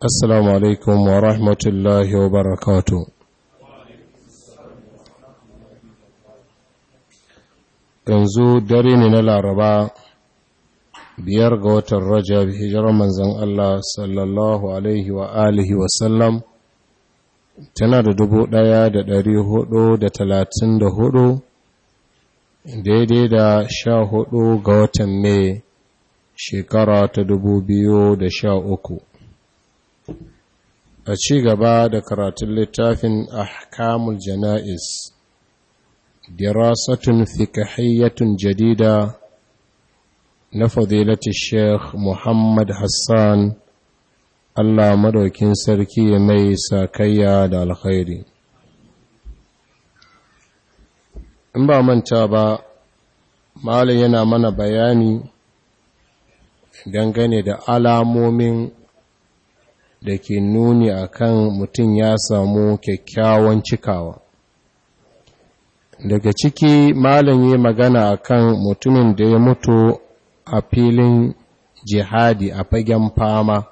Assalamu alaikum wa rahmatullahi wa barakatu. Yanzu dare ne na Laraba biyar ga watan Rajab hijirar manzan Allah sallallahu alaihi wa alihi wa sallam tana da dubu ɗaya da ɗari hudu da talatin da hudu daidai da sha hudu ga watan Mai shekara ta dubu biyu da sha uku. a ci gaba da karatun littafin ahkamul jana'is dirasatun fikahiyyatun jadida na fadilati sheikh muhammad hassan allah madaukin sarki mai sakayya da alkhairi in ba manta ba malin yana mana bayani dangane da alamomin da ke nuni a kan mutum ya samu kyakkyawan cikawa daga ciki malam yi magana a kan mutumin da ya mutu a filin jihadi a fagen fama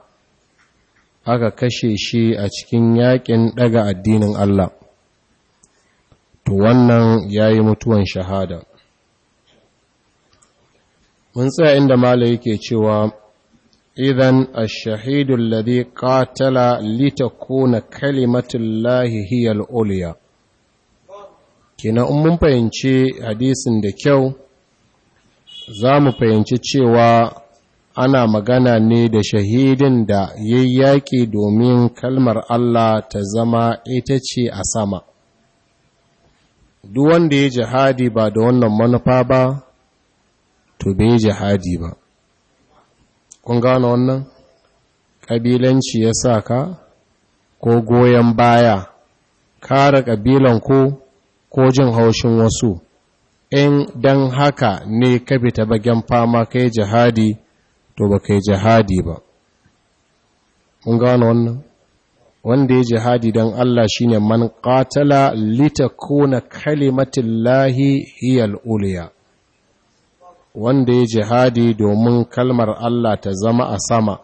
aka kashe shi a cikin yakin daga addinin Allah to wannan ya yi mutuwan shahada mun tsaya inda malam yake cewa idan a shahidu lita ko na kalimatullahi hiya al-ulya kina in mun fahimci hadisin da kyau za mu fahimci cewa ana magana ne da shahidin da ya yaƙi domin kalmar Allah ta zama ita ce a sama. Duk wanda ya jihadi ba da wannan manufa ba, to bai jihadi ba. kun gano wannan ƙabilanci ya sa ka ko goyon baya kare ƙabilan ko ko jin haushin wasu in don haka ne ka fita bagen fama kai jihadi to ba kai jihadi ba Kun gano wannan wanda ya jihadi don Allah shine man qatala litakuna kalimatullahi hiyal uliya wanda ya jihadi domin kalmar Allah ta zama a sama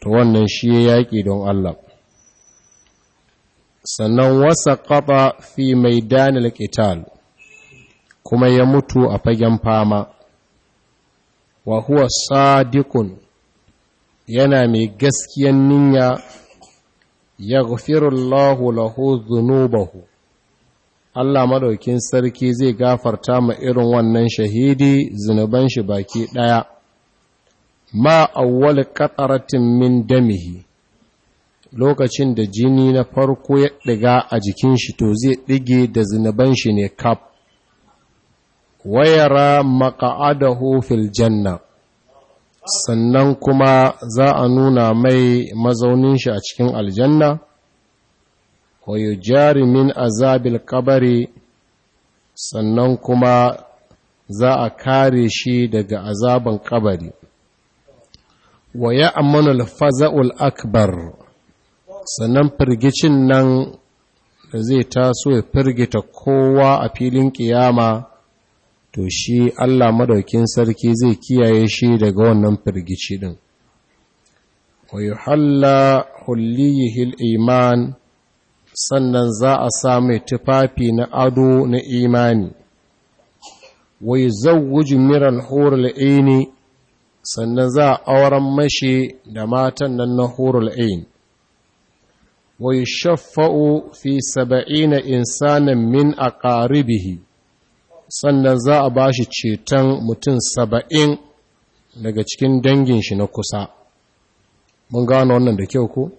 to wannan shi ya yaƙi don Allah sannan wasa ƙafa fi mai danil ƙital kuma ya mutu a fagen fama wa huwa sadikun yana mai gaskiyan niyya ya lahu lahu zunubahu Allah madaukin sarki zai gafarta ma irin wannan shahidi zunuban shi baki ɗaya ma awwal qataratin min damihi lokacin da jini na farko ya ɗiga a jikin shi to zai ɗige da zunuban shi ne kaf wayara maqa'adahu fil janna sannan kuma za a nuna mai mazaunin shi a cikin aljanna wa jarumin min azabil kabari sannan kuma za a kare shi daga azaban kabari wa ya ammanul faza'ul akbar sannan firgicin nan da zai taso ya firgita kowa a filin kiyama to shi Allah madaukin sarki zai kiyaye shi daga wannan firgici din wa yuhalla hulliyihil iman sannan za a sami tufafi na ado na imani wai zawuji miran horul aini sannan za a auren mashi da matan nan na horul aini wai shafa’o fi saba'ina insanin min a ƙaribihi sannan za a ba shi ceton mutum saba'in daga cikin dangin shi na kusa mun gano wannan da kyau ko?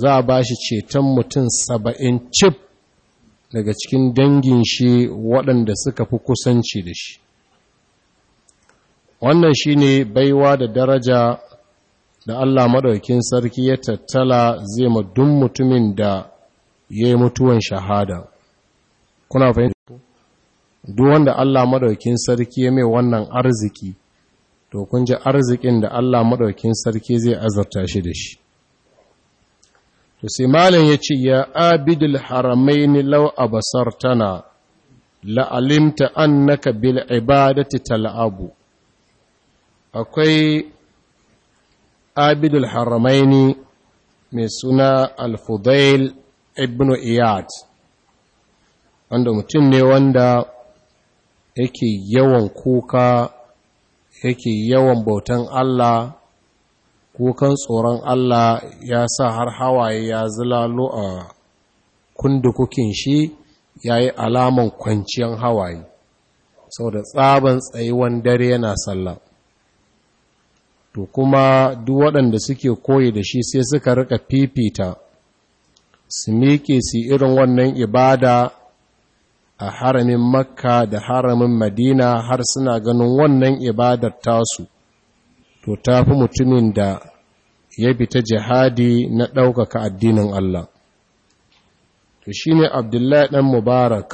za a ba shi ceton mutum saba'in cif daga cikin dangin shi waɗanda suka fi kusanci da shi wannan shi ne baiwa da daraja da Allah maɗaukin sarki ya tattala zai ma duk mutumin da ya yi mutuwan shahada kuna fahimta duk wanda Allah maɗaukin sarki ya mai wannan arziki to kun ji arzikin da Allah maɗaukin sarki zai azarta shi da shi to sai malam ya ce ya abidul haramaini law tana, la'alimta annaka bil ibadati tal'abu akwai abidul haramaini mai suna al-fudail ibn iyad wanda mutum ne wanda yake yawan kuka yake yawan bautan Allah kukan tsoron Allah ya sa har hawaye ya zilalo a kundukukin shi ya yi alaman kwanciyar hawaye sau da tsaban tsayuwan dare yana sallah to kuma duk waɗanda suke koyi da shi sai suka rika fifita su miƙe su irin wannan ibada a haramin makka da haramin madina har suna ganin wannan ibadar tasu to ta fi mutumin da ya bi ta jihadi na ɗaukaka addinin Allah to shi ne abdullahi ɗan mubarak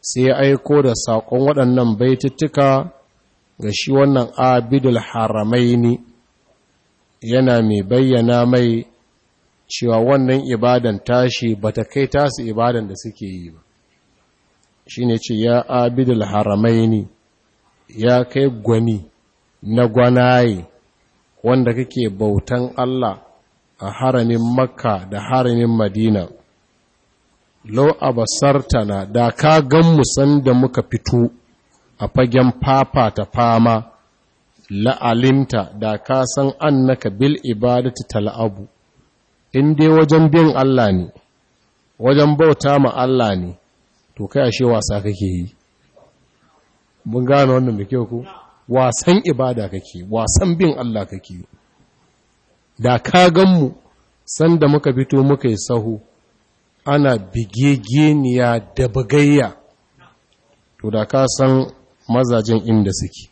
sai ya aiko da saƙon waɗannan baituttuka ga shi wannan abidul haramaini yana mai bayyana mai cewa wannan ibadan tashi ba ta kai tasu ibadan da suke yi ba shi ne ce ya abidul haramaini ya kai gwani na gwanaye wanda kake bautan Allah a haramin makka da haramin madina lau abasartana da ka gan musan da muka fito a fagen fafa ta fama la'alinta, da ka san annaka bil ibadati tal'abu in dai wajen bin Allah ne wajen bauta ma Allah ne to kai ashe wasa kake yi mun gane wannan da kyau ko wasan ibada kake wasan bin Allah kake da ka ganmu sanda muka fito muka yi sahu ana bigegeniya da bagayya to da ka san mazajen inda suke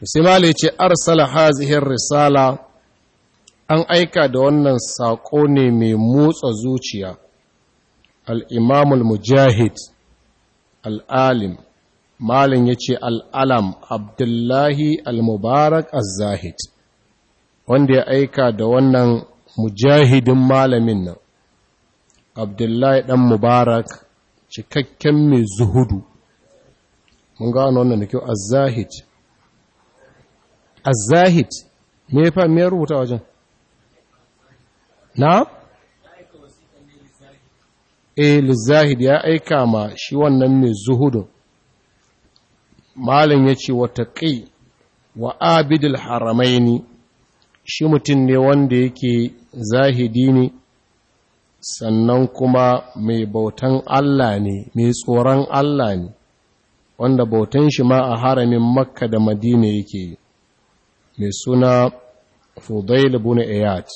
to sai mala ce arsala hazihin risala an aika da wannan sako ne mai motsa zuciya al al'imamul mujahid al'alim malin ya ce al'alam abdullahi al-mubarak al zahid wanda ya aika da wannan mujahidin malamin nan abdullahi ɗan mubarak cikakken mai zuhudu mun gano wannan da kyau al zahid al zahid mai fa me rubuta wajen na eh lizahid ya aika ma shi wannan mai zuhudun malam ya ce wata ƙi wa abidul ne, shi mutum ne wanda yake zahidi ne sannan kuma mai bautan Allah ne mai tsoron Allah ne wanda bautan shi ma a haramin makka da madina yake yi mai suna fudail na ayat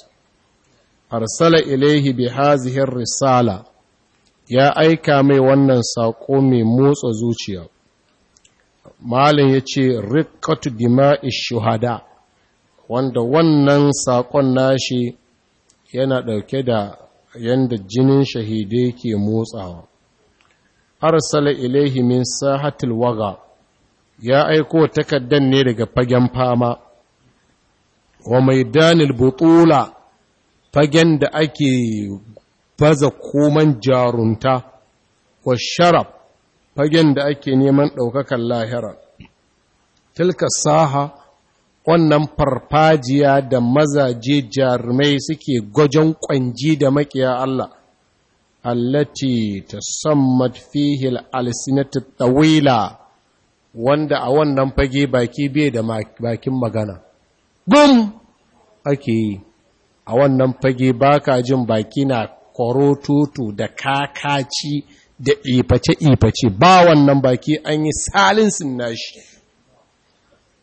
arsala ilaihi bi hazihi risala ya aika mai wannan saƙo mai motsa zuciya malin ya ce rikatu dima'i shuhada wanda wannan saƙon nashi yana ɗauke da yadda jinin shahidai ke motsawa arsala ilaihi min sahatil waga ya aiko takaddan ne daga fagen fama wa mai danil butula fagen da ake baza koman jarunta wa sharaf fagen da ake neman ɗaukakan lahira tilka saha wannan farfajiya da mazaje jarumai suke gwajon ƙwanji da makiya Allah allati tasammat fihi al tawila wanda a wannan fage baki bai da bakin magana gum ake yi a wannan fage baka jin baki na tutu da kakaci da iface-iface ba wannan baki an yi salinsin nashi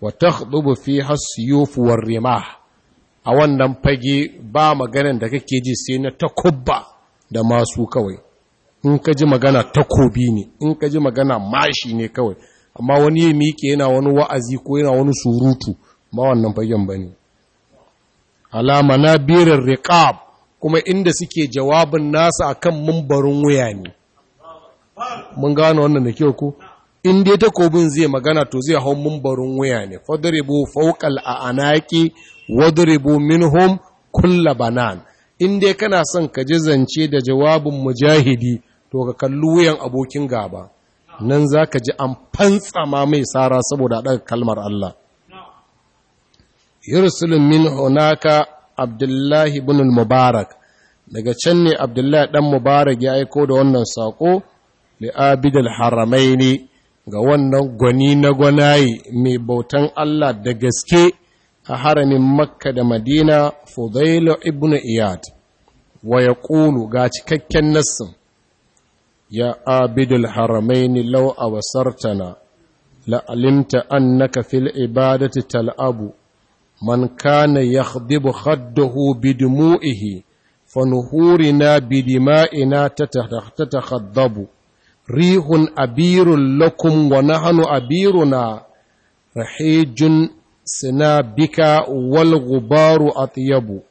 wata ɗubu fi hasiyufuwar rima a wannan fage ba maganin da kake ji sai na takubba da masu kawai in ka ji magana takobi ne in ka ji magana mashi ne kawai amma wani ya miƙe yana wani wa'azi ko yana wani surutu ma wannan fagen ba ne alama na birin rikab kuma inda suke jawabin nasa akan mumbarin wuya ne mun gano wannan da kyau ko in dai takobin zai magana to zai hau mumbarin waya ne fadribu fawqal anaqi wadribu minhum kulla banan in dai kana son ka ji zance da jawabin mujahidi to ka kalli wuyan abokin gaba nan za ka ji an fantsama mai sara saboda daga kalmar Allah yursul min hunaka abdullahi ibn mubarak daga can ne abdullahi ɗan mubarak ya aiko da wannan saƙo li'abid al-haramaini ga wannan gwani na gwanaye mai bautan Allah da gaske a haramin Makka da Madina Fudailu ibn Iyad wa yaqulu ga cikakken nasin ya abid al-haramaini law awsartana la alimta annaka fil ibadati tal'abu man kana yakhdibu khaddahu bidmu'ihi فنهورنا ta تتخضب rihun abirun lakum wa nahanu abiruna rahijun sinabika wal gubaru atyabu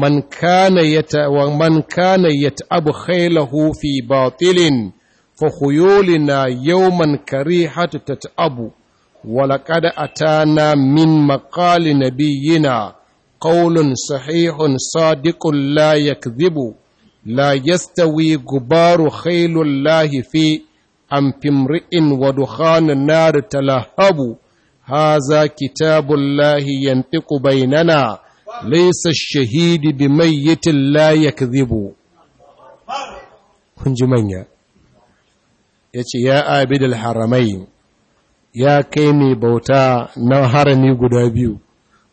man kana yata wa man kana yat'abu khaylahu fi batilin fa khuyulina yawman karihatu tat'abu ولقد atana min مقال نبينا قول صحيح Sadiqun لا يكذب la yastawi gubaru khailullahi fi amfimri'in wa dukhanin nari talahabu haza kitabullahi yantiqu bainana laysa ash-shahidi bimayyitin la yakdhibu kun ji manya yace ya abidul Haramai ya kai mai bauta na harami guda biyu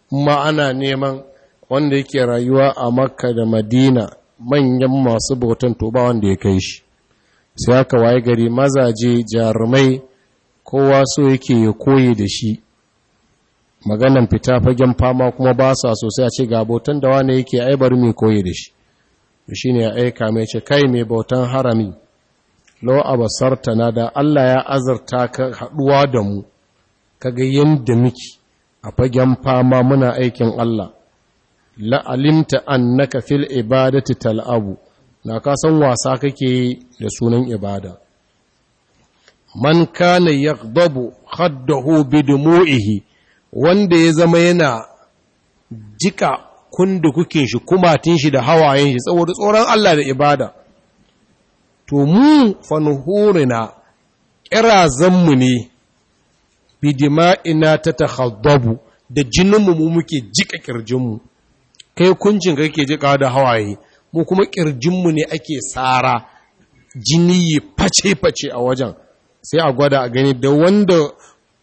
kuma ana neman wanda yake rayuwa a makka da madina manyan masu bautan toba wanda ya kai shi sai aka waye gari mazaje jarumai kowa so yake ya koye da shi maganan fita fagen fama kuma ba sa sosai a ce ga bautan da wane yake bari mai koye da shi shi ne ya aika mai ce kai mai bautan harami lau abasarta na da Allah ya azarta ka haduwa da mu kaga yadda muke a fagen fama muna aikin Allah la'alimta annaka fil ibadati tal'abu na ka san wasa kake da sunan ibada man kana yaghdabu khaddahu bidumu'ihi wanda ya zama yana jika kuke shi kumatin shi da hawayen shi saboda tsoron Allah da ibada to mu fanhurina mu ne bidima'ina ta takhaddabu da jininmu mu muke jika mu. kai kuncin kake jika da hawaye mu kuma kirjinmu ne ake tsara jini face-face a wajen sai a gwada a gani da wanda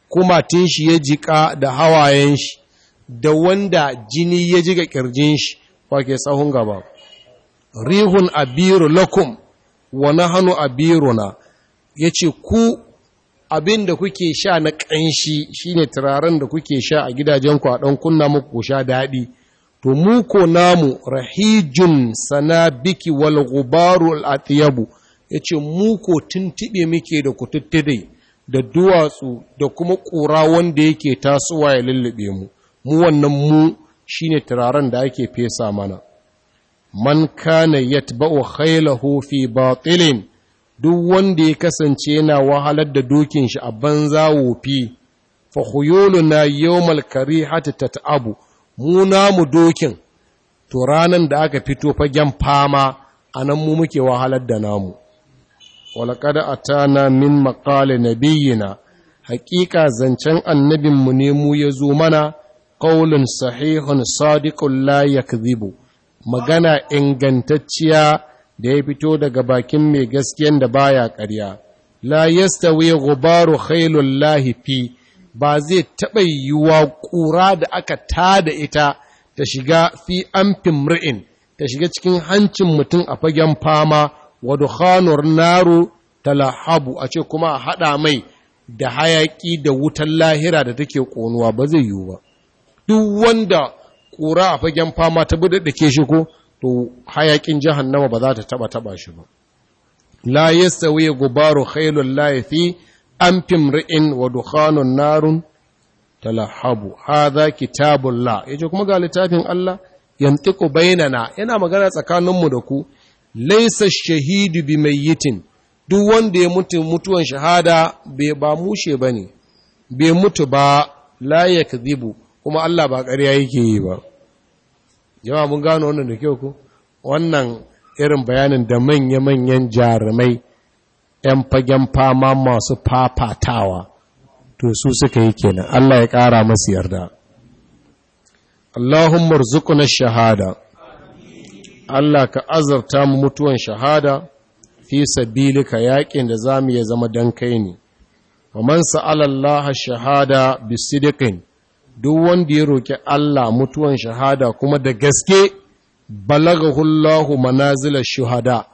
kumatin shi ya jika da hawayen shi da wanda jini ya jika kirjin shi wake tsahon gaba rihun abiru lakum wani hannu na, ya ce ku abin da kuke sha na ƙanshi shine turaren da kuke sha a gidajenku a ɗan kunna muku sha daɗi to mu namu rahijun sanabiki wal gubaru al atyabu yace mu ko tuntube muke da kututtude da duwatsu da kuma ƙura wanda yake tasowa ya lullube mu mu wannan mu shine turaren da ake fesa mana man kana yatba'u khaylahu fi batilin duk wanda ya kasance yana wahalar da dokin shi a banza wofi fa khuyuluna yawmal karihati tat'abu mu namu dokin to ranan da aka fito fagen fama a nan mu muke wahalar da namu walaqad atana min maqali nabiyyina haqiqa zancen annabin mu ne mu ya zo mana qaulun sahihun sadiqun la yakdhibu magana ingantacciya da ya fito daga bakin mai gaskiyan da baya ƙarya la yastawi gubaru khailullahi fi ba zai taɓa yiwuwa ƙura da aka tada ita ta shiga fi amfin mur'in ta shiga cikin hancin mutum a fagen fama wa dukhanur naro talahabu a ce kuma a haɗa mai da hayaƙi da wutan lahira da take ƙonuwa ba zai yiwu ba duk wanda ƙura a fagen fama ta buɗe da ke shi ko to hayaƙin jihannama ba za ta taɓa taɓa shi ba la wuye gubaru khailun laifi. an fimri'in wa dukhanun narun talahabu hadha kitabullah yace kuma ga littafin Allah yantiqu bainana yana magana tsakaninmu da ku laysa shahidu bimayyitin duk wanda ya mutu mutuwan shahada bai ba mushe bane bai mutu ba la yakdhibu kuma Allah ba ƙarya yake yi ba jama'a mun gano wannan da kyau ko wannan irin bayanin da manya-manyan jarumai 'yan fagen fama masu fafatawa to su suka yi kenan Allah ya ƙara masu yarda Allahumma na shahada Allah ka azarta mu mutuwan shahada fi sabilika yaƙin da za mu ya zama don kai ne wa man sa'ala shahada bisidikin, duk wanda ya roƙi Allah mutuwan shahada kuma da gaske balagahullahu manazilar Manazilar shuhada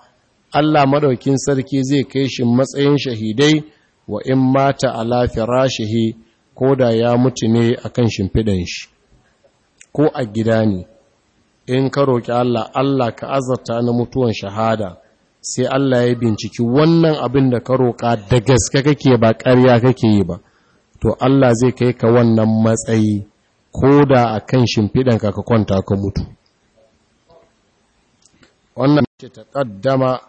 Allah maɗaukin sarki zai kai shi matsayin shahidai wa in mata ala firashihi ko da ya mutu ne kan shimfidan shi ko a gida ne in ka roƙi Allah Allah ka azarta na mutuwan shahada sai Allah ya binciki wannan abin da ka roƙa da gaske kake ba ƙarya kake yi ba to Allah zai kai ka wannan matsayi ko da akan shimfidan ka ka kwanta ka mutu wannan ce ta ƙaddama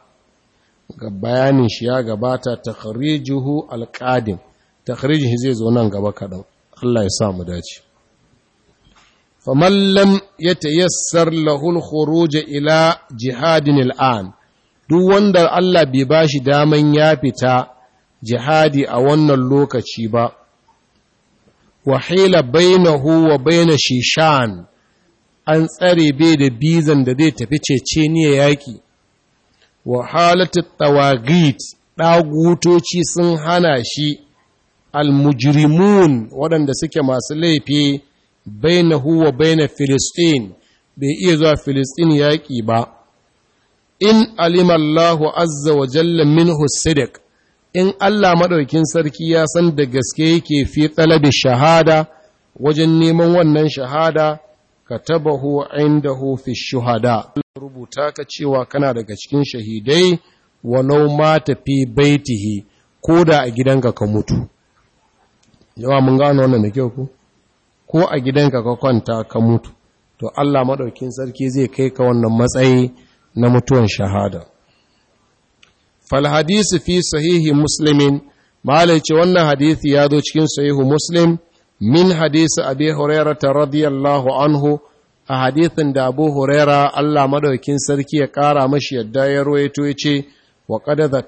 ga bayanin shi ya gabata takhrijuhu alqadim takhrijuhu zai zo nan gaba kadan Allah ya sa mu dace famallam ya yatayassar lahu alkhuruj ila jihadin al'an duk wanda Allah bai bashi daman ya fita jihadi a wannan lokaci ba wa hila bainahu wa baina shishan an tsare bai da bizan da zai tafi cece yaƙi yaki wa halatu tawagit ɗagutoci sun hana shi almujrimun waɗanda suke masu laifi baina huwa baina filistin bai iya zuwa filistin yaki ba in alimallahu azza wa jalla minhu sidiq in Allah maɗaukin sarki ya san da gaske yake fi talabi shahada wajen neman wannan shahada katabahu indahu fi shuhada rubuta ka cewa kana daga cikin shahidai wa ma tafi baitihi ko da a gidanka ka mutu yawa mun gano wannan da kyau ko ko a gidanka ka kwanta ka mutu to Allah maɗaukin sarki zai kai ka wannan matsayi na mutuwan shahada fal hadisi fi sahihi muslimin malai ce wannan hadisi ya zo cikin sahihu muslim min hadisi abi hurairah radiyallahu anhu a hadithin da abu huraira allah madaukin sarki ya ƙara mashi yadda ya ruwaito ya ce wa ƙada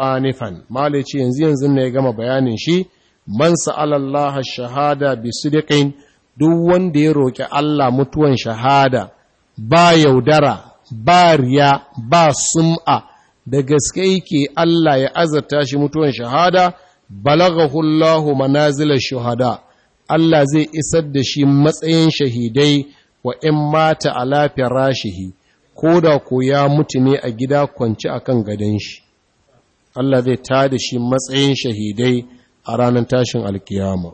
a nifan malici yanzu yanzu na ya gama bayanin shi man sa'alallaha shahada bi sidiqin duk wanda ya roƙi Allah mutuwan shahada ba yaudara ba riya ba sum'a da gaske yake Allah ya azarta shi mutuwan shahada balaga Hullahu Manazilar Shahada, Allah zai isar da shi matsayin shahidai wa in mata a lafiyar rashihi ko da ko ya mutu ne a gida kwanci akan gadon shi Allah zai tada shi matsayin shahidai a ranar tashin alkiyama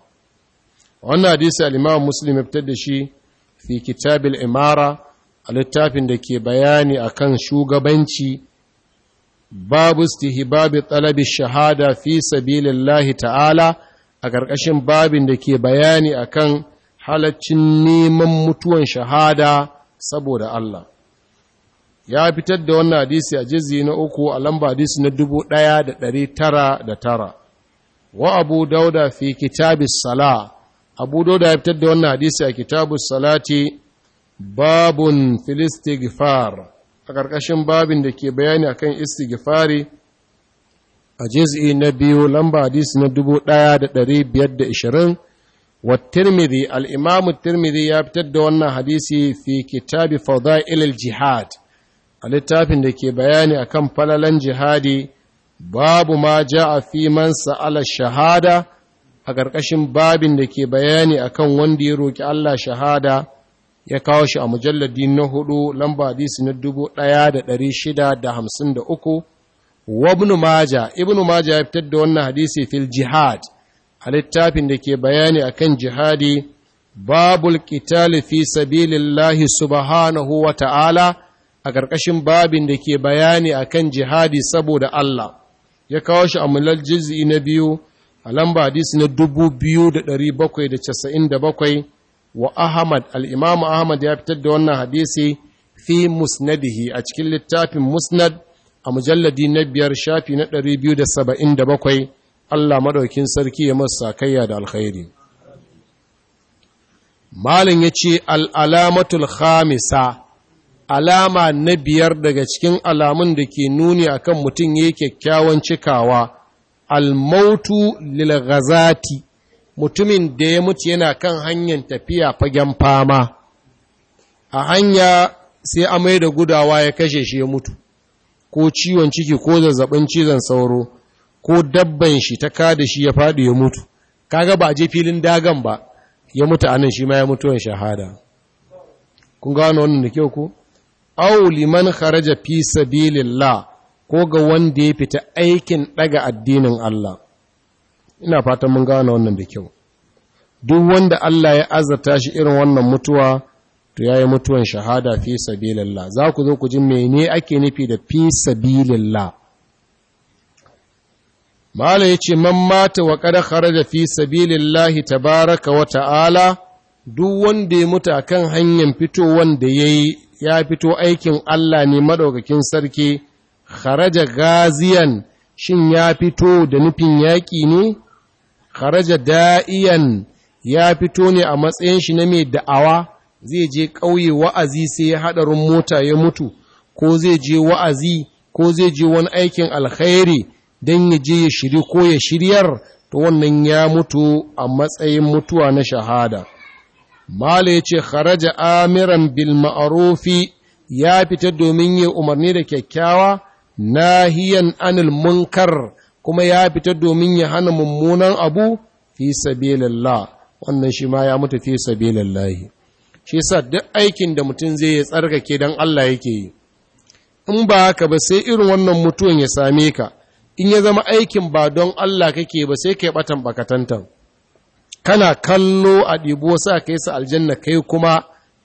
wannan hadisi al-Imam Muslim fitar da shi fi kitabil imara a littafin da ke bayani akan shugabanci babu istihbabi talabi shahada fi sabilillahi ta'ala a ƙarƙashin babin da ke bayani akan halaccin neman mutuwan shahada saboda Allah ya fitar da wannan hadisi a jizi na uku a lamba hadisi na dubu ɗaya da ɗari tara da tara wa abu dauda fi kitabis sala abu dauda ya fitar da wannan hadisi a kitabis salati babun filistigfar a ƙarƙashin babin da ke bayani akan Istigifari a jizi na biyu lamba hadisi na dubu ɗaya da ɗari biyar da ishirin والترمذي الإمام الترمذي يبتد وانا حديثي في كتاب فضائل الجهاد الاتاب لكي بياني أكم فللا جهادي باب ما جاء في من سأل الشهادة أكركشن باب لكي بياني أكم واندي روك الله شهادة يكاوش أمجلد دين نهدو لمبا ديس ندبو ليادة دريشدة دهمسند أكو وابن ماجة ابن ماجة يبتد وانا حديثي في الجهاد a littafin da ke bayani a kan jihadi babul qitali fi sabilillahi subhanahu wa ta'ala a ƙarƙashin babin da ke bayani a kan jihadi saboda Allah ya kawo shi a mulal na biyu a lamba hadisi na 2797 wa Ahmad al-Imam Ahmad ya fitar da wannan hadisi fi musnadihi a cikin littafin musnad a mujalladi na biyar shafi na 277 Allah madaukin sarki ya masa kayya da alkhairi malin ya ce al'alamatul khamisa alama na biyar daga cikin alamun da ke nuni akan mutum ya yi kyakkyawan cikawa Al-mautu lil gazati. mutumin da ya mutu yana kan hanyar tafiya fagen fama a hanya sai amai da gudawa ya kashe shi ya mutu ko ciwon ciki ko zazzabin cizon sauro ko dabban shi ta kada shi ya faɗi ya mutu kaga ba a je filin dagan ba ya mutu anan shi ma ya mutuwan shahada kun gano wannan da kyau ko aw liman kharaja fi sabilillah ko ga wanda ya fita aikin daga addinin Allah ina fatan mun gano wannan da kyau duk wanda Allah ya azata shi irin wannan mutuwa to yayi mutuwan shahada fi sabilillah za ku zo ku ji mene ake nufi da fi sabilillah mala ya ce man mata wa kada kharaja fi ta tabaraka wa ta'ala duk wanda ya mutu a kan hanyar fito wanda yayi ya fito aikin Allah ne maɗaukakin sarki kharaja gaziyan shin ya fito da nufin yaƙi ne kharaja da'iyan ya fito ne a matsayin shi na mai da'awa zai je ƙauye wa'azi sai haɗarin mota ya mutu ko zai je wa'azi ko zai je wani aikin alkhairi don ya je ya shiri ko ya shiryar to wannan ya mutu a matsayin mutuwa na shahada mala ya ce kharaja amiran Bilmaarufi ya fita domin ya umarni da kyakkyawa nahiyan anil munkar kuma ya fita domin ya hana mummunan abu fi lallah. wannan shi ma ya mutu fi lallahi. shi sa duk aikin da mutum zai ya tsarkake don Allah yake yi in ba haka ba sai irin wannan mutuwan ya same ka in ya zama aikin ba don Allah kake ba sai kai batan bakatantan kana kallo a ɗibo sa kai sa aljanna kai kuma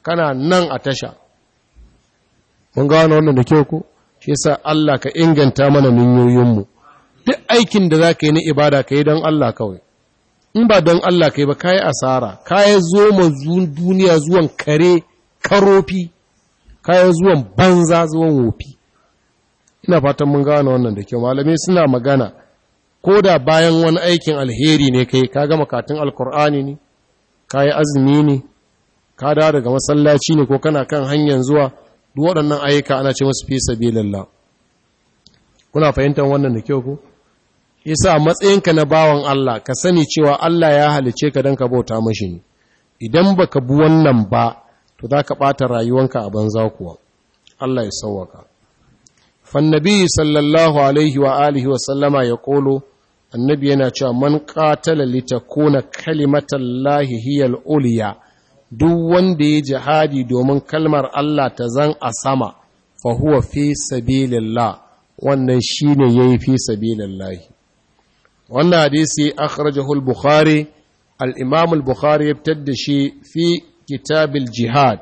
kana nan a tasha mun ga wannan da kyau ko shi yasa Allah ka inganta mana ninyoyinmu duk aikin da za ka yi na ibada ka yi don Allah kawai in ba don Allah ka yi ba yi asara kai zo zuwan duniya zuwan kare karofi kai zuwan banza zuwan wofi ina fatan mun gane wannan da kyau malamai suna magana ko da bayan wani aikin alheri ne kai ka gama katin alkur'ani ne ka yi azumi ne ka dawo daga masallaci ne ko kana kan hanyar zuwa duk waɗannan ayyuka ana ce musu fi sabilillah kuna fahimtar wannan da kyau ko yasa matsayinka na bawan Allah ka sani cewa Allah ya halice ka don ka bauta mashi ne idan baka bi wannan ba to za ka ɓata rayuwanka a banza kuwa Allah ya sauwaka fannabi sallallahu alaihi wa alihi wa sallama ya ƙolo. annabi yana cewa man qatala litakuna kalimatallahi hiya al Uliya" duk wanda ya jihadi domin kalmar Allah ta zan a sama fa huwa fi sabilillah wannan shine yayi fi sabilillah wannan hadisi akhrajahu al-bukhari al-imam al-bukhari ya fitar da shi fi kitabil jihad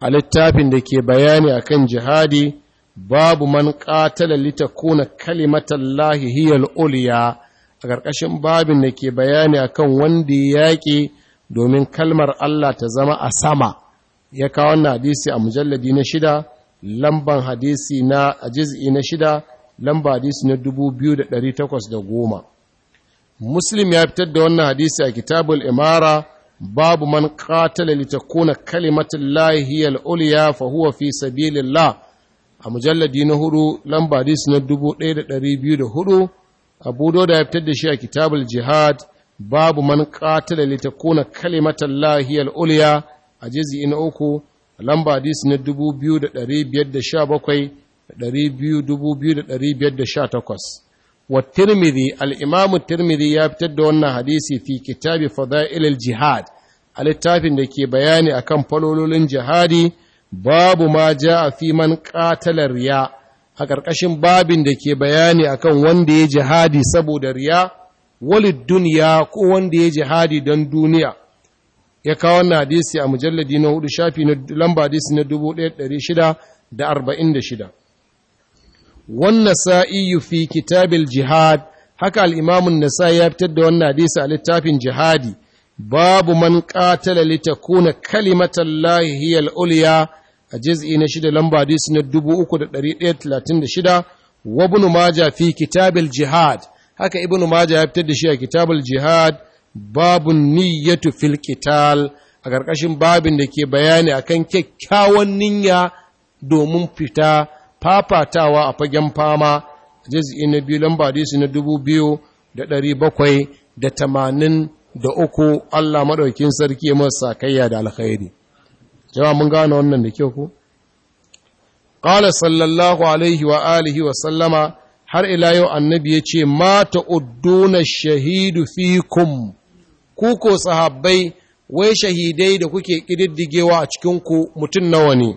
a littafin da ke bayani akan jihadi babu man qatala litakuna kalimatallahi hiya al Uliya a ƙarƙashin babin da ke bayani akan wanda ya yaƙi domin kalmar Allah ta zama a sama ya kawo wannan hadisi a mujalladi na shida lamban hadisi na juz'i na shida lamba hadisi na goma. muslim ya fitar da wannan hadisi a kitabul imara babu man qatala litakuna kalimatullahi hiya al Uliya. fa huwa fi sabilillah a mujalladi na hudu lamba dis na 1204 abu da ya fitar da shi a kitabul jihad babu man qatala li takuna kalimatan lahiyar uliya ulya a jizi na uku lamba dis na 2517 2518 wa tirmidhi al'imamu tirmidhi ya fitar da wannan hadisi fi kitabi fada ilil jihad a littafin da ke bayani akan falololin jihadi babu ma ja fi man qatalar riya a ƙarƙashin babin da ke bayani akan wanda ya jihadi saboda riya walid duniya ko wanda ya jihadi don duniya ya kawo wannan hadisi a mujalladi na hudu shafi na lamba hadisi na 1646 wannan sa'iyu fi kitabil jihad haka al'imamun nasa ya fitar da wannan hadisi a littafin jihadi babu man qatala litakuna kalimatan lahiyar uliya a jiz'i na shida lamba hadisi na 3136 wa ibn majah fi kitabil jihad haka ibn majah ya fitar da shi a kitabul jihad babu niyyatu fil qital a ƙarƙashin babin da ke bayani akan kyakkyawan niyya domin fita fafatawa a fagen fama jiz'i na biyu lamba hadisi na 2783 Allah madaukin sarki ya masa sakayya da alkhairi jama'a mun gane wannan da kyau ko qala sallallahu alaihi wa alihi wa sallama har ila yau annabi yace ce ma ta'udduna shahidu fiikum ku ko sahabbai wai shahidai da kuke kididdigewa a cikin ku mutun nawa ne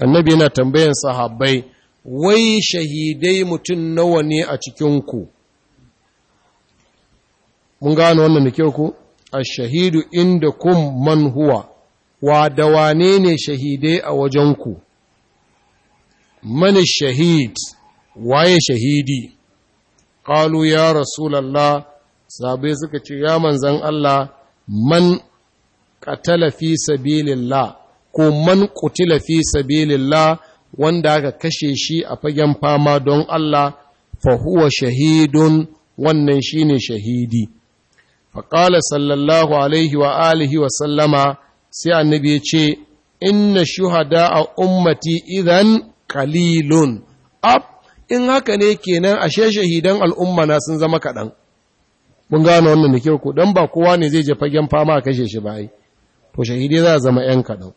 annabi yana tambayan sahabbai wai shahidai mutun nawa ne a cikin ku mun gane wannan da kyau ko ash-shahidu indakum man huwa wa da wane ne shahidai a wajenku mani shahid waye shahidi ƙalu ya rasulallah sabai suka ce ya manzan Allah man ƙatala fi sabilillah ko man ƙutila fi sabilillah wanda aka kashe shi a fagen fama don Allah fahuwa shahidun wannan shine shahidi faƙala sallallahu alaihi wa alihi wa sallama sai annabi ya ce inna shuhada a ummati idan kalilun ab in haka ne kenan ashe shahidan al'umma na sun zama kaɗan mun gano wannan da kyau ku don ba kowa ne zai je fagen fama a kashe shi ba to shahidi za a zama ‘yan kaɗan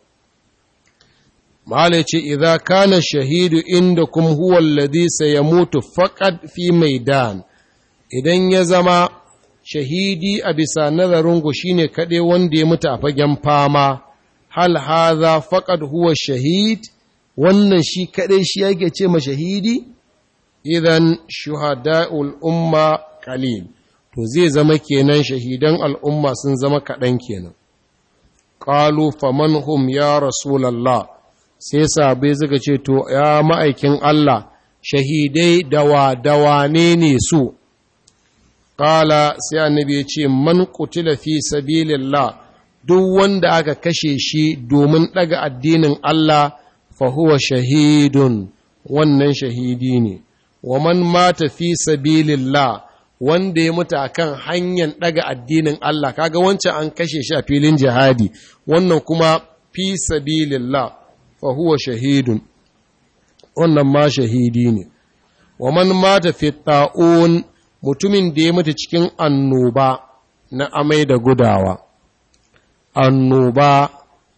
mahala ce Iza kana shahidu inda kum huwa ya mutu faqad fi maidan idan ya zama shahidi a bisa nazarin ku ne kaɗai wanda ya mutu a fagen fama hal haza faƙar huwa shahid wannan shi kaɗai shi yake ce ma shahidi idan shuhada'ul umma kalil to zai zama kenan shahidan al'umma sun zama kaɗan kenan Ƙalufa faman hum ya rasulallah sai sabai suka ce to ya ma'aikin Allah shahidai dawa dawane ne su Ƙala sai annabi ya ce, Man kutila fi sabilillah duk wanda aka kashe shi domin ɗaga addinin Allah, fahuwa shahidun wannan shahidi ne, wa man mata fi sabilillah wanda ya mutu a kan hanyar ɗaga addinin Allah, kaga wancan an kashe shi a filin jihadi, wannan kuma fi sabilillah fahuwa shahidun, wannan ma shahidi ne, wa man mata fi ta'un mutumin da ya mutu cikin annoba na amai da gudawa annoba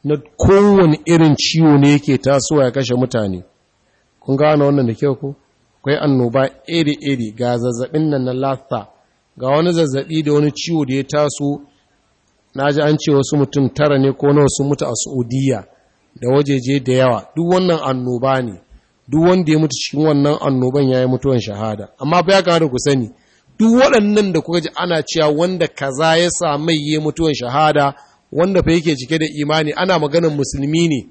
na kowane irin ciwo ne yake tasowa ya kashe mutane kun gano wannan da kyau ko akwai annoba iri-iri ga zazzabin nan na lasta, ga wani zazzabi da wani ciwo da ya taso na ji an ce wasu mutum tara ne ko na wasu mutu a saudiya da wajeje da yawa duk wannan annoba ne duk wanda ya mutu cikin wannan annoban ya yi mutuwan shahada amma ba ya da ku sani duk waɗannan da kuka ji ana cewa wanda kaza ya sami yi mutuwan shahada wanda fa yake cike da imani ana maganin musulmi ne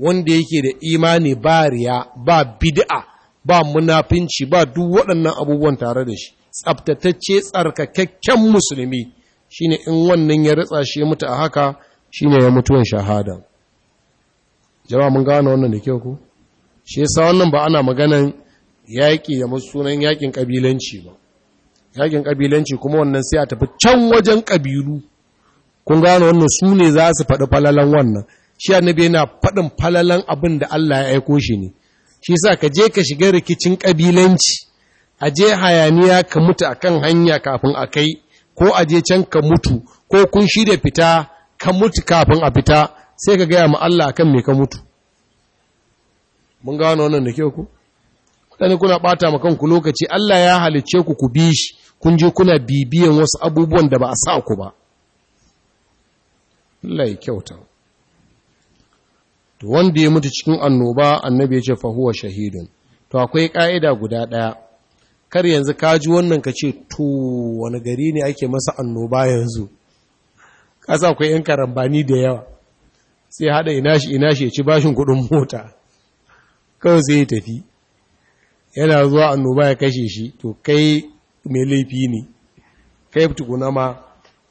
wanda yake da imani ba riya ba bid'a ba munafinci ba duk waɗannan abubuwan tare da shi tsabtatacce tsarkakakken musulmi shine in wannan ya ritsa shi ya mutu a haka shine ya mutuwan shahada jama'a mun gane wannan da kyau ku shi yasa wannan ba ana maganan yaƙi da sunan yaƙin ƙabilanci ba yakin kabilanci kuma wannan sai a tafi can wajen kabilu kun gano wannan su ne za su faɗi falalan wannan shi annabi yana faɗin falalan abin da Allah ya aiko shi ne shi sa ka je ka shiga rikicin kabilanci a je hayaniya ka mutu akan hanya kafin a kai ko a je can ka mutu ko kun shirya fita ka mutu kafin a fita sai ka gaya ma Allah akan me ka mutu mun gano wannan da kyau ku kuna bata ma kanku lokaci Allah ya halicce ku ku bi shi kun je kuna bibiyan wasu abubuwan da ba a sa ku ba lai kyauta to wanda ya mutu cikin annoba annabi ya ce fa huwa shahidun to akwai ka'ida guda ɗaya. kar yanzu ka ji wannan ka ce to wani gari ne ake masa annoba yanzu sa akwai yan karambani da yawa sai hada ina shi ina shi ya ci bashin kuɗin mota kawai sai ya tafi yana zuwa annoba ya kashe shi to kai mai laifi ne Ka fito tukuna ma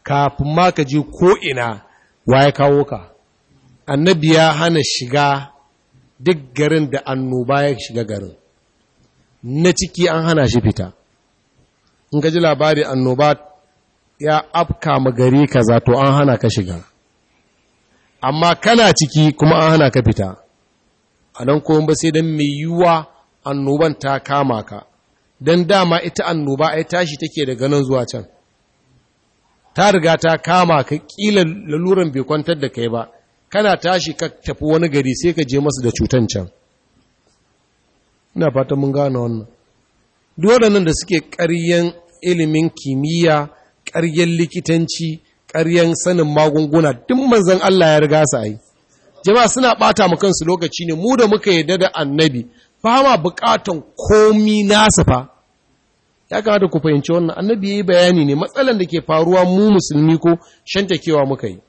kafin ma ka je ko ina ya kawo ka annabi ya hana shiga duk garin da annoba ya shiga garin na ciki an hana shi fita in ka ji labari annoba ya afka ma gari kaza to an hana ka shiga amma kana ciki kuma an hana ka fita a nan kuma ba sai don mai yiwuwa annoban ta kama ka don dama ita annoba ai tashi take daga nan zuwa can ta riga ta kama ka kila laluran bai kwantar da kai ba kana tashi ka tafi wani gari sai ka je masu da cutan can ina fatan mun gane wannan Dole nan da suke ƙaryen ilimin kimiyya ƙaryen likitanci ƙaryen sanin magunguna duk manzan Allah ya riga su ai jama'a suna bata mu kansu lokaci ne mu da muka yarda da annabi fama ma bukatan komi nasa fa ya kamata ku fahimci wannan annabi yayi bayani ne matsalan da ke faruwa mu musulmi ko shantakewa muka yi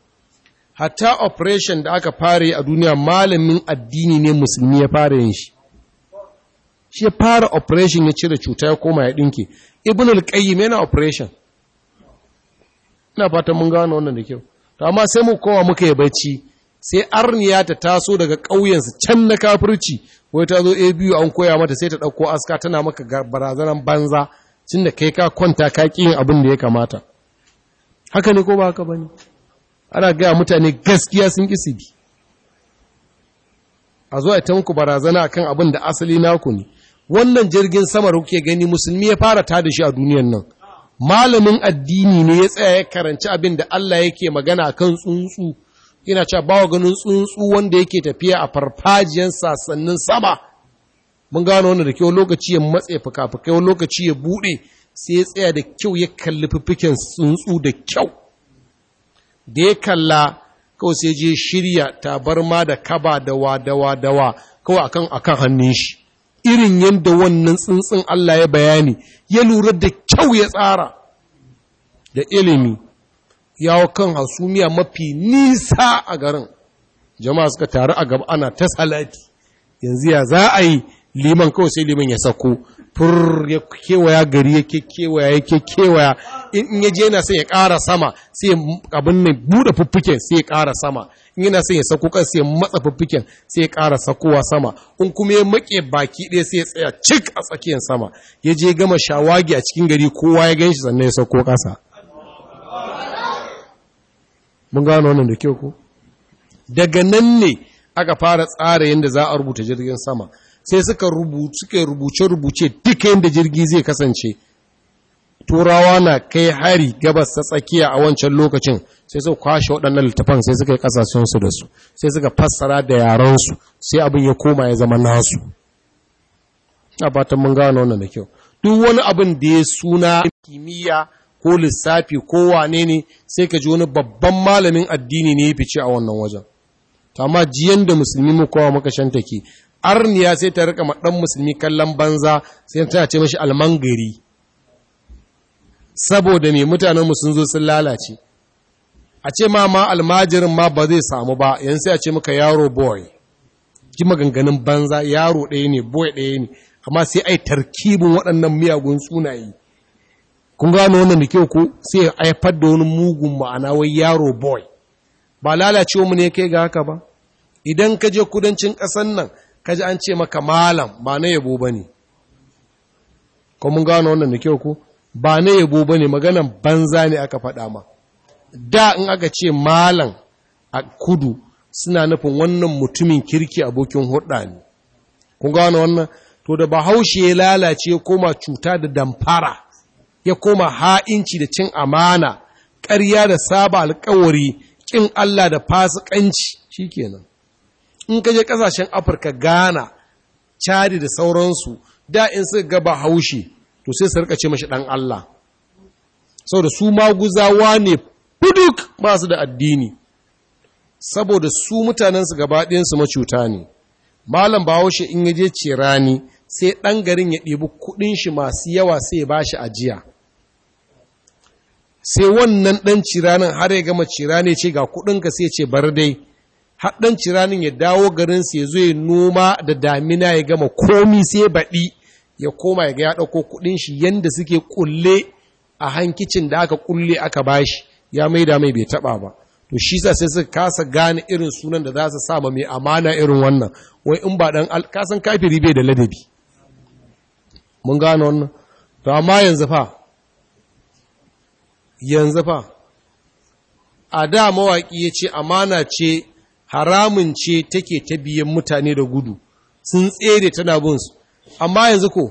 hatta operation da aka fara yi a duniya malamin addini ne musulmi ya fara yin shi shi ya fara operation ya cire cuta ya koma ya dinke ibn al-qayyim yana operation ina fatan mun gano wannan da kyau to amma sai mu kowa muka yi bacci sai arniya ta taso daga ƙauyensu can na kafirci wai ta zo a biyu an koya mata sai ta ɗauko aska tana maka barazanar banza tunda kai ka kwanta ka ƙi yin abin da ya kamata haka ne ko ba haka ne? ana gaya mutane gaskiya sun ki su a zo a ta muku barazana a kan abin da asali naku ne wannan jirgin sama da kuke gani musulmi ya fara tada shi a duniyan nan malamin addini ne ya tsaya ya karanci abin da Allah yake magana kan tsuntsu yana cewa bawa ganin tsuntsu wanda yake tafiya a farfajiyar sasannin sama mun gano wannan da kyau lokaci ya matse fuka lokaci ya bude sai ya tsaya da kyau ya kalli fifikin tsuntsu da kyau da ya kalla kawai sai je shirya tabarma da kaba dawa dawa dawa kawai akan akan hannun shi irin yadda wannan tsuntsun Allah ya bayani ya lura da kyau ya tsara da ilimi yawo kan hasumiya mafi nisa a garin jama'a suka taru a gaba ana ta salati yanzu ya za a yi liman kawai sai liman ya sako fur ya kewaya gari ya kewaya ya kewaya in ya je na sai ya ƙara sama sai abin nan buɗe fuffuken sai ya ƙara sama in yana sai ya sako kan sai ya matsa fuffuken sai ya ƙara sakowa sama in kuma ya maƙe baki ɗaya sai ya tsaya cik a tsakiyar sama ya je gama shawagi a cikin gari kowa ya ganshi sannan ya sako ƙasa mun gano wannan da kyau ko daga nan ne aka fara tsara yadda za a rubuta jirgin sama sai suka rubuce-rubuce duka yadda jirgi zai kasance turawa na kai hari gabas ta tsakiya a wancan lokacin sai suka kwashe waɗannan littafan sai suka yi ƙasashensu da su sai suka fassara da yaran su, sai abin ya koma ya zama nasu a fatan mun gano wannan da kyau duk wani abin da ya suna kimiyya ko lissafi ko wane ne sai ka ji wani babban malamin addini ne ya fice a wannan wajen amma jiyan da musulmi mu wa muka ta ke arniya sai ta rika ma dan musulmi kallon banza sai ta ce mashi almangari saboda me mutanen mu sun zo sun lalace a ce ma ma almajirin ma ba zai samu ba yanzu sai a ce muka yaro boy ki maganganun banza yaro ɗaya ne boy ɗaya ne amma sai ai tarkibin waɗannan miyagun sunaye kun gano wannan da kyau ko sai haifar da wani mugun ma'ana wai yaro boy ba lalacewa mu ne kai ga haka ba idan ka je kudancin ƙasar nan kaji an ce maka malam ba na yabo ba ne ko gano wannan da kyau ko ba na yabo ba ne maganan banza ne aka faɗa ma da in aka ce malam a kudu suna nufin wannan mutumin kirki abokin hudda ne kun gano wannan to da bahaushe ya lalace ya koma cuta da damfara ya koma ha'inci da cin amana ƙarya da saba alkawari ƙin Allah da fasikanci shikenan in ka je kasashen afirka ghana chadi da sauransu da in suka ga haushi to sai su ce mashi dan allah da su maguzawa ne fuduk masu da addini saboda su mutanensu gabaɗinsu macuta ne malam bahaushe in yaje ce rani sai ɗan garin ya ɗebi kuɗin shi masu yawa sai ya shi ajiya sai wannan ɗan ciranin har ya gama cirane ce ga kuɗinka sai ce bar dai haɗin ciranin ya dawo garinsa ya zo ya noma da damina ya gama komi sai baɗi ya koma ya ga ya ɗauko kuɗin shi yadda suke ƙulle a hankicin da aka ƙulle aka bashi ya maida mai bai taɓa ba to shi sa sai suka kasa gane irin sunan da za su sama mai amana irin wannan wai in ba ɗan kasan kafiri bai da ladabi mun gane wannan to amma yanzu fa yanzu fa a da mawaƙi ya ce amana ce haramun ce take ta biyan mutane da gudu sun tsere tana bin su amma yanzu ko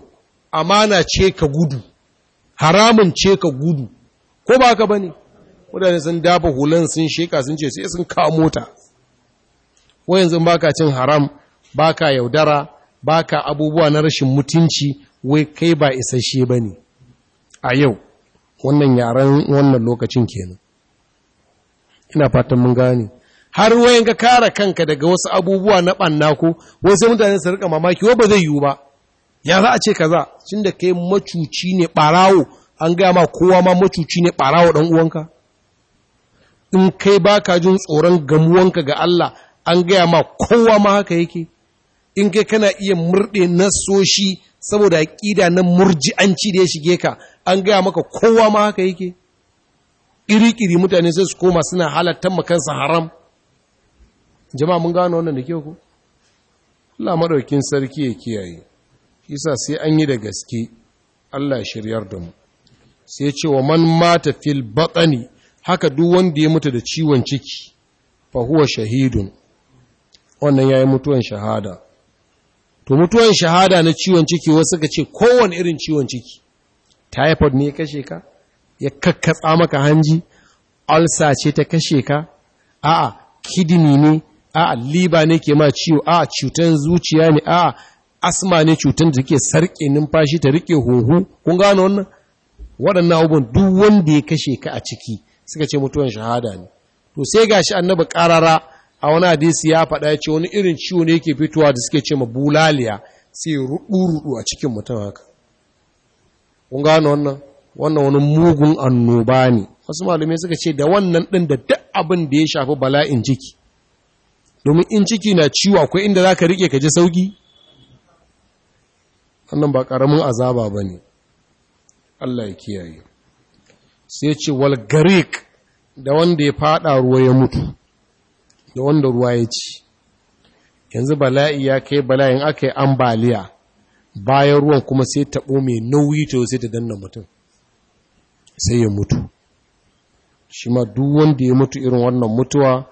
amana ce ka gudu haramun ce ka gudu ko ba ka bane mutane sun dafa hulan sun sheka sun ce sai sun kawo mota ko yanzu baka cin haram baka yaudara baka abubuwa na rashin mutunci wai kai ba isasshe ba ne. a yau wannan yaren wannan lokacin kenan ina fatan mun gane har wayan ka kare kanka daga wasu abubuwa na ɓanna ko wasu mutane su rika mamaki wa ba zai yiwu ba ya za a ce kaza tun da kai macuci ne ɓarawo an gaya ma kowa ma macuci ne ɓarawo ɗan uwanka in kai baka jin tsoron gamuwanka ga Allah an gaya ma kowa ma haka yake in kai kana iya murɗe nasoshi saboda aƙida na murji'anci da ya shige ka an gaya maka kowa ma haka yake ƙiri mutane sai su koma suna halattar makansa haram jama'a mun gano wannan da kyau ku Allah madaukin sarki ya kiyaye yasa sai an yi da gaske Allah ya shiryar da mu sai ya ce wa man mata fil batani haka duk wanda ya mutu da ciwon ciki fa huwa shahidun wannan yayi mutuwan shahada to mutuwan shahada na ciwon ciki wasu ka ce kowane irin ciwon ciki typhoid ne ya kashe ka ya kakkatsa maka hanji ulcer ce ta kashe ka a'a kidini ne a liba ne ke ma ciwo a cutan zuciya ne a asma ne cutan da ke sarƙe numfashi ta riƙe huhu kun gano wannan waɗannan abubuwan duk wanda ya kashe ka a ciki suka ce mutuwan shahada ne to sai gashi annabi ƙarara a wani hadisi ya faɗa ya ce wani irin ciwo ne yake fitowa da suke ce ma bulaliya sai ruɗu-ruɗu a cikin mutum haka kun gano wannan wannan wani mugun annoba ne wasu malamai suka ce da wannan ɗin da duk abin da ya shafi bala'in jiki domin in ciki na ciwo akwai inda za ka riƙe ka ji sauƙi wannan ba ƙaramin azaba ba ne Allah ya kiyaye sai ya ce wal da wanda ya fada ruwa ya mutu da wanda ruwa ya ci yanzu bala'i ya kai bala'in aka yi ambaliya bayan ruwan kuma sai taɓo mai nauyi ta sai ta danna mutum sai ya mutu shi ma duk wanda ya mutu irin wannan mutuwa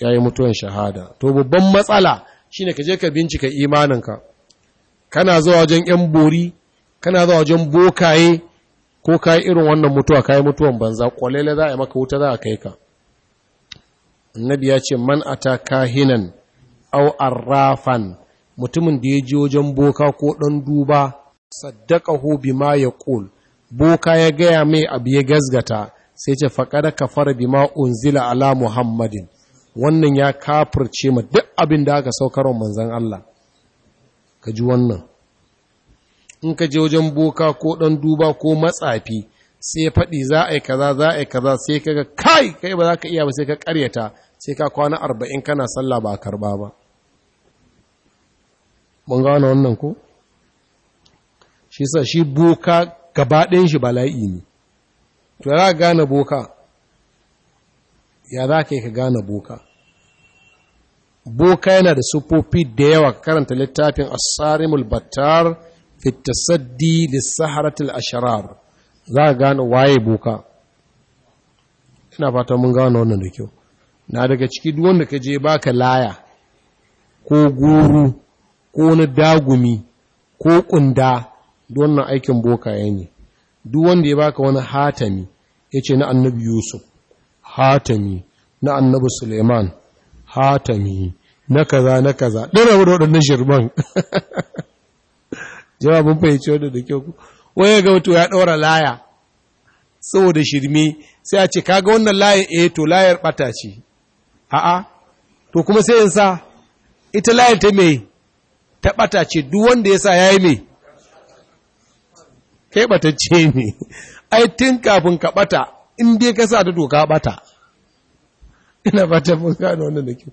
ya yi mutuwan shahada to babban matsala shine ka je ka bincika imaninka kana zuwa wajen yan bori kana zuwa wajen bokaye ko ka yi irin wannan mutuwa ka yi mutuwan banza kwalele za a yi maka wuta za a kai ka annabi ya ce man a ata kahinan au arrafan mutumin da ya ji wajen boka ko ɗan duba saddaka ma ya ƙul boka ya gaya mai abu ya gazgata sai ce ka kafara bima unzila ala muhammadin wannan ya kafirce ma duk abin da aka saukarwa manzan Allah ka ji wannan in ka je wajen boka ko ɗan duba ko matsafi sai faɗi za a yi kaza za a yi kaza sai ka ga kai kai ba za ka iya ba sai ka ƙaryata sai ka kwana arba'in kana sallah ba karba ba mun gane wannan ko shi sa shi boka gaba ɗayan shi bala'i ne to ya gane boka ya za ka yi ka gane boka boka yana da sufofi da yawa karanta littafin asarimul battar fitasaddi lissaharatul asharar za ka gane waye boka ina fata mun gane wannan da kyau na daga ciki duk wanda ka je baka laya ko guru ko na dagumi ko kunda don wannan aikin boka ya ne duk wanda ya baka wani hatami ce na annabi yusuf hatami na annabi suleiman hatami na kaza na kaza ɗin rabu da waɗannan shirman jawabin fahimci wadda da kyau waye ga wato ya ɗora laya saboda shirme sai a ce kaga wannan layar eh to layar ɓata ce a'a to kuma sai in sa ita layar ta mai ta ɓata ce duk wanda ya sa ya yi mai kai ɓatacce ne ai tun kafin ka ɓata in dai ka sa ta doka ɓata ina fata mun gano wannan da kyau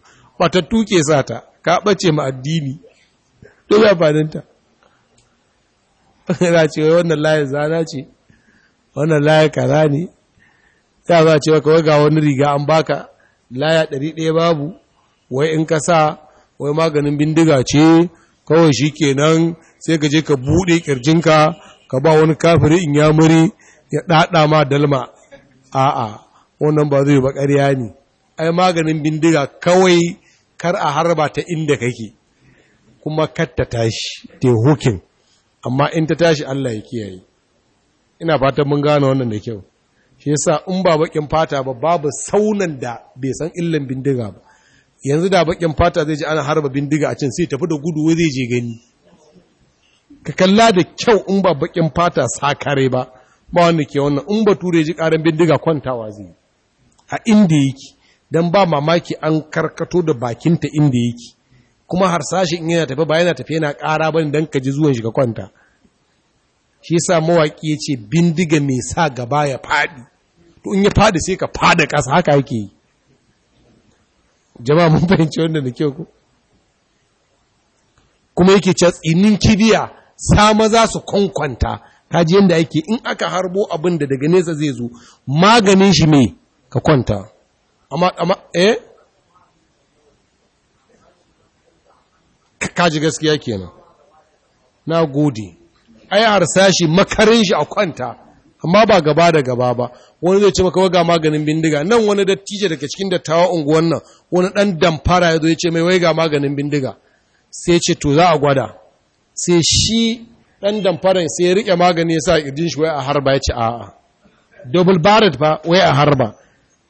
ta tuke sa ta ka bace ma addini to ya fadinta ya ce wai wannan layi zana ce wannan layi kaza ne ya za ce ka ga wani riga an baka laya ɗari ɗaya babu wai in ka sa wai maganin bindiga ce kawai shi nan sai ka je ka buɗe ƙirjinka ka ba wani kafiri in yamuri ya ɗaɗa ma dalma a'a wannan ba zai ba ƙarya ne ai maganin bindiga kawai kar a harba ta inda kake kuma kar ta tashi te hukin amma in ta tashi Allah ya kiyaye ina fatan mun gane wannan da kyau shi yasa in ba bakin fata ba babu saunan da bai san illan bindiga ba yanzu da bakin fata zai ji ana harba bindiga a cin sai tafi da gudu zai je gani ka kalla da kyau in ba bakin fata sakare ba ba wanda ke wannan in ba ture ji karan bindiga kwantawa zai a inda yake don ba mamaki an karkato da bakinta inda yake kuma harsashi in yana tafi ba yana tafi yana ƙara bane don ka ji zuwan shiga kwanta shi sa mawaki ya ce bindiga mai sa gaba ya faɗi to in ya faɗi sai ka faɗa ƙasa haka yake yi jama'a mun fahimci wanda da kyau ku kuma yake ce tsinin kibiya sa maza su kwankwanta kaji yadda yake in aka harbo abin da daga nesa zai zo maganin shi mai ka kwanta amma amma eh kaji gaskiya kenan na gode ai harsashi makarin shi a kwanta amma ba gaba da gaba ba wani zai ce maka waga maganin bindiga nan wani dattijo daga cikin tawa unguwan nan wani dan damfara ya zo ya ce mai wai maganin bindiga sai ce to za a gwada sai shi dan damfaran sai ya rike magani ya sa kirjin shi wai a harba ya ce a'a double barrel ba wai a harba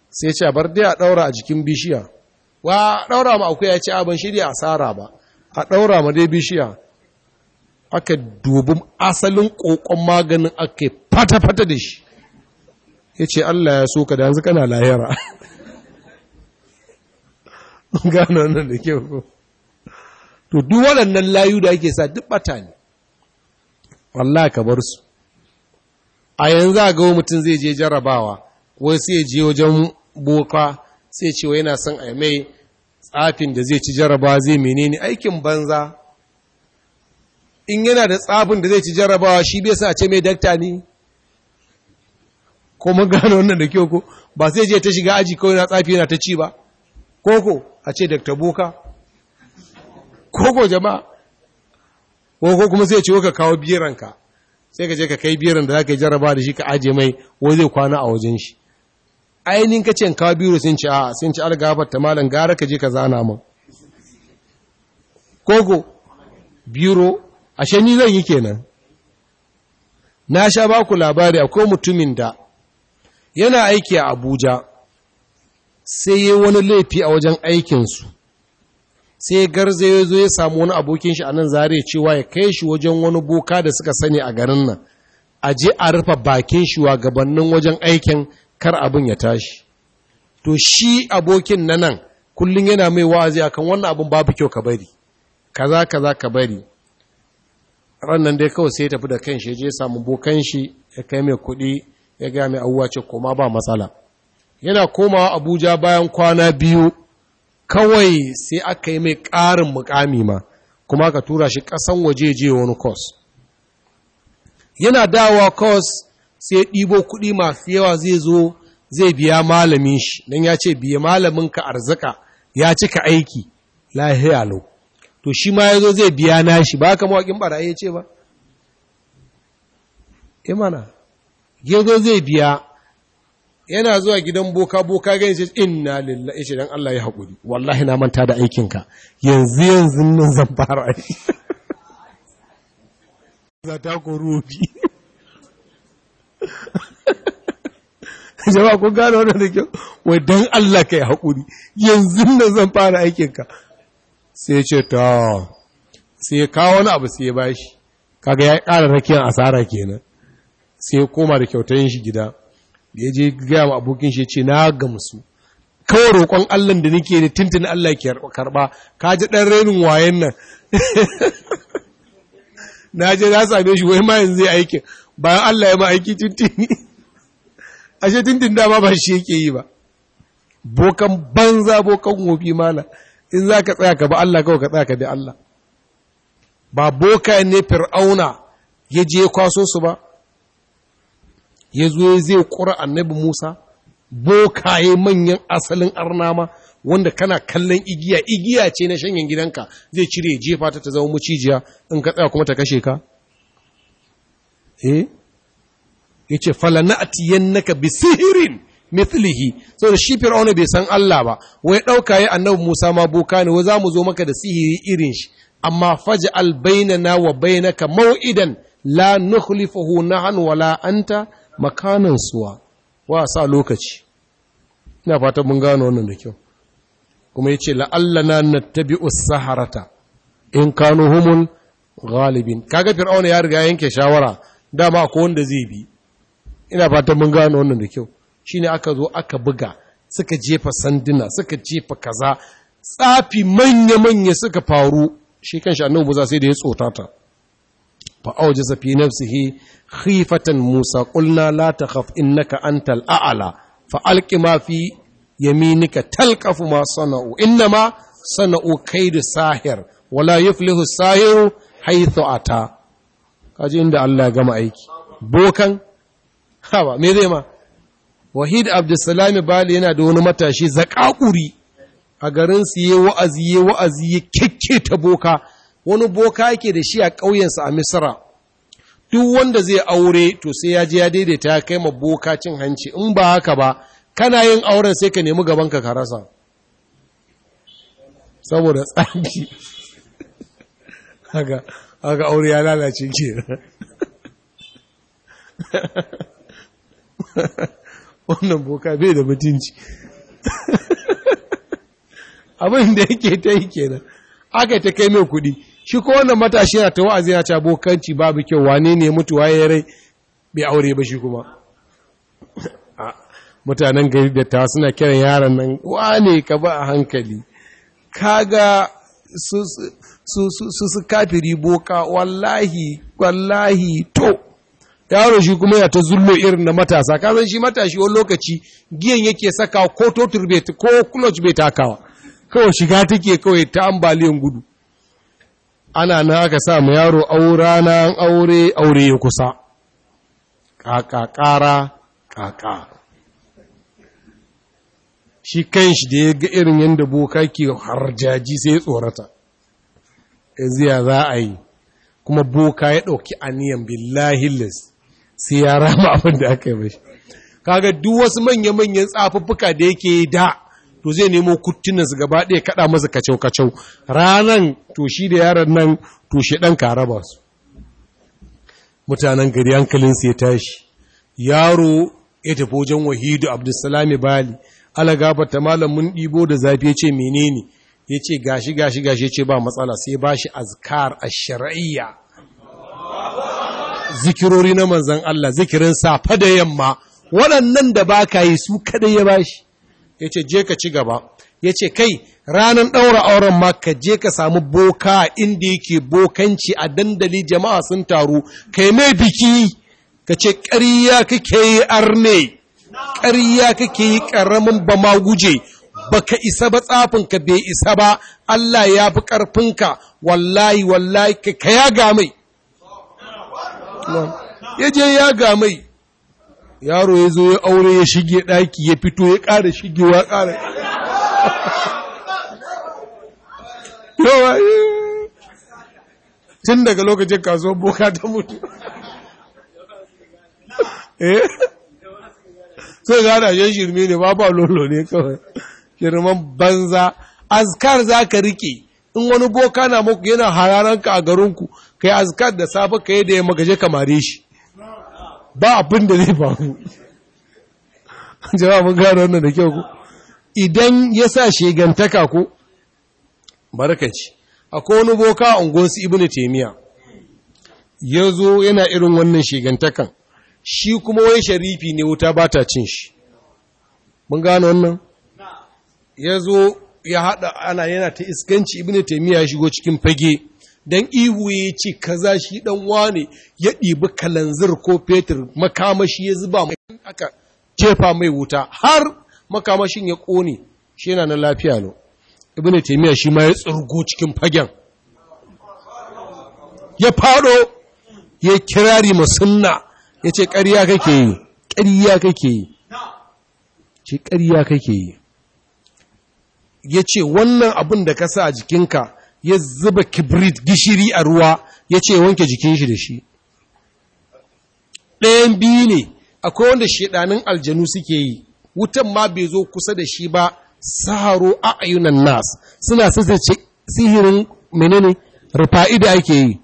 sai ce bar dai a ɗaura a jikin bishiya wa ɗaura ma akwai ya ce abin shi dai asara ba a ɗaura ma dai bishiya aka dubi asalin ƙoƙon maganin aka fata-fata da shi ya ce Allah ya so ka da yanzu kana lahira gano nan da ke ko to duk waɗannan layu da ake sa duk bata ne Allah ka bar su a yanzu a ga mutum zai je jarabawa wai sai je wajen boka sai ce wai yana son a mai tsafin da zai ci jaraba zai menene aikin banza in yana da tsafin da zai ci jarabawa shi bai sa ce mai dakta ne ko mun gano wannan da kyau ko ba sai je ta shiga aji kawai na tsafi yana ta ci ba koko a ce dakta boka koko jama'a ko kuma sai ce ka kawo biranka sai ka je ka kai biran da za ka yi jaraba da shi ka aje mai wai zai kwana a wajen shi ainihin ka ce kawo biro sun ci a sun ci algabar ta malam gara ka je ka zana min kogo biro ashe ni zan yi kenan na sha ba ku labari akwai mutumin da yana aiki a abuja sai yi wani laifi a wajen aikinsu sai garza ya zo ya samu wani abokin shi a nan zare cewa ya kai shi wajen wani boka da suka sani a garin nan a je a rufe bakin shi wa gabanin wajen aikin kar abin ya tashi to shi abokin na nan kullum yana mai wa'azi kan wannan abin babu kyau ka bari kaza kaza ka bari rannan dai kawai sai tafi da kanshi je samun bokan shi ya kai mai kuɗi ya gaya mai abuwa ce koma ba matsala yana komawa abuja bayan kwana biyu kawai sai aka yi mai ƙarin mukami ma kuma ka tura shi ƙasan waje je wani kos yana dawa kos sai ɗibo kuɗi masu yawa zai zo zai biya malamin shi don ya ce biya malamin ka arzika ya cika aiki lahiya lau to shi ma ya zo zai biya nashi ba ka mawaƙin ɓara ya ce ba imana eh gero zai biya yana zuwa gidan boka boka gani ce inna lillahi ce don Allah ya haƙuri wallahi na manta da aikinka yanzu yanzu nan zan fara za ta koru rodi jama'a kun gano wannan da kyau wai dan Allah kai haƙuri yanzu nan zan fara aikin ka sai ce ta sai kawo wani abu sai bashi kaga ya ƙara rakiyar asara kenan sai koma da kyautar shi gida da ya je gaya ma abokin shi ya ce na gamsu kawai roƙon Allah da nake da tintin Allah ke karɓa ka ji ɗan renin wayan nan na je na same shi wai ma yanzu ya aikin bayan Allah ya ma aiki tintini ashe tintin dama ba shi yake yi ba bokan banza bokan wofi mala in za ka tsaya ka ba Allah kawai ka tsaya ka bi Allah ba boka ne fir'auna ya je kwaso su ba ya zo zai kura annabi Musa bokaye manyan asalin arnama wanda kana kallon igiya igiya ce na shanyen gidanka zai cire jefa ta ta zama macijiya in ka tsaya kuma ta kashe ka eh yace bi bisihirin mithlihi so da shi fir'auna bai san Allah ba wai dauka yi annabi Musa ma boka ne wai za mu zo maka da sihiri irin shi amma faj'al bainana wa bainaka ma'u'idan la nukhlifuhu nahnu wala anta makanan suwa wa sa lokaci ina fata mun gano wannan da kyau kuma yace la'allana nattabi'u saharata in kanu humul ghalibin kaga fir'auna ya riga yanke shawara dama ko wanda zai bi ina fatan mun gano wannan da kyau shine aka zo aka buga suka jefa sanduna suka jefa kaza tsafi manya-manya suka faru shi kanshi annabi buza sai da ya tsota ta fa awjasa fi nafsihi khifatan Musa qulna la takhaf innaka antal a'la fa alqi ma fi yaminika talqafu ma sana'u innama sana'u kaidu sahir wala yuflihu sahiru haythu ata kaji inda Allah gama aiki bokan hawa me zai ma wahid abdussalam bali yana da wani matashi zakakuri a garin su yi wa'azi yi wa'azi yi ta boka wani boka yake da shi a ƙauyensa a misra duk wanda zai aure to sai ya je ya daidaita ya kai ma boka cin hanci in ba haka ba kana yin auren sai ka nemi gaban ka rasa saboda tsaki. aga aure ya lalace kenan wannan boka bai da mutunci abin da yake ta yi kenan aka ta kai mai kuɗi shi ko wannan matashi yana ta wa'azi yana ta bokanci babu kyau wane ne mutu waye rai bai aure ba shi kuma mutanen gari da ta suna kiran yaran nan wane ka ba a hankali kaga su su kafiri boka wallahi wallahi to yaro shi kuma ya ta zullo irin na matasa Ka san shi matashi wani lokaci giyan yake saka ko totur bai ko clutch bai takawa kawai shiga take kawai ta ambaliyan gudu ana na aka sa mu yaro aura na aure aure ya kusa kaka kara kaka shi kan shi da ya ga irin yadda boka ke harjaji sai ya tsorata ziya za a yi kuma boka ya ɗauki aniyan billahilis lis sai ya rama abin da aka yi mashi kaga duk wasu manya-manyan tsafuffuka da yake da to zai nemo su gaba ɗaya kaɗa masa kacau-kacau ranan to shi da yaran nan to shi ɗan ka raba su mutanen gari hankalinsu ya tashi yaro ya tafi wajen wahidu abdulsalami bali alagafar ta malam mun ɗibo da zafi ya ce menene ya ce gashi gashi gashi ya ce ba matsala sai ba shi azkar a shari'a zikirori na manzan Allah zikirin safa da yamma waɗannan da ba ka yi su kaɗai ya ba shi ya ce je ka ci gaba ya ce kai ranar ɗaura auren ma ka je ka samu boka inda yake bokanci a dandali jama'a sun taru kai mai biki ka ce ƙarya kake yi arne ƙariya kake yi ƙaramin ba ma guje ka isa ba tsafinka bai isa ba Allah ya fi ƙarfinka wallahi wallahi ka ya ga mai ya je ya ga mai yaro ya zo ya aure ya shige ɗaki ya fito ya ƙara shigewa ƙara tun daga lokacin kasuwar boka ta mutu eh sai ga da shirme ne ba ba lolo ne kawai shirman banza azkar za ka rike in wani boka na muku yana hararanka a garinku kai azkar da safe yi da ya magaje mare shi ba abin da zai faru jama'a mun gano wannan da kyau ku. idan ya sa shegantaka ku, barkaci akwai wani boka a unguwarsu ibini taymiya ya zo yana irin wannan shegantakan shi kuma wai sharifi ne wuta ba ta cin shi mun gano wannan ya zo ya haɗa ana yana ta iskanci ibini taimiyya ya shigo cikin fage don ihu ya ce kaza shi ɗan wane ya ɗibi kalanzir ko fetur makamashi ya zuba mai aka jefa mai wuta har makamashin ya ƙone shi yana na lafiya lo. Ibini taimiyya shi ma ya tsurgo cikin fagen ya faɗo ya kirari masunna ya ce ƙariya kake yi ƙarya kake yi ce ƙarya kake yi ya ce wannan abin da ka sa a jikinka ya zuba kibrit gishiri a ruwa ya ce wanke jikin shi da shi ɗayan biyu ne akwai wanda shaɗanin aljanu suke yi wutan ma bai zo kusa da shi ba saharo a ayunan nas suna sassace sihirin menene rufa'i da ake yi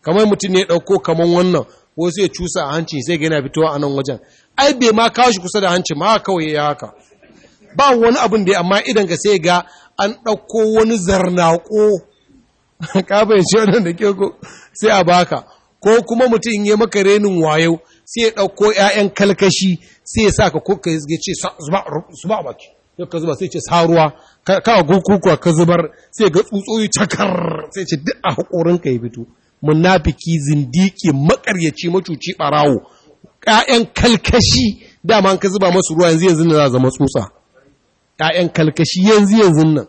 kamar mutum ne ɗauko kamar wannan ko sai cusa a hanci sai gina yana fitowa a nan wajen ai bai ma kawo shi kusa da hanci ma kawai ya haka ba wani abin da amma idan ka sai ga an ɗauko wani zarnaƙo ka bayyance wannan da ke ko sai a baka ko kuma mutum ya maka renin wayo sai ya ɗauko ‘ya'yan kalkashi sai ya sa ka ko ka yi ce ba baki sai ka zuba sai ce saruwa kawo gukukuwa ka zubar sai ga tsutsoyi cakar sai ce duk a haƙorin ka ya fito munafiki zindiki makaryaci macuci barawo ƙa'yan kalkashi dama an ka zuba masu ruwa yanzu yanzu na zama tsutsa ƙa'yan kalkashi yanzu yanzu nan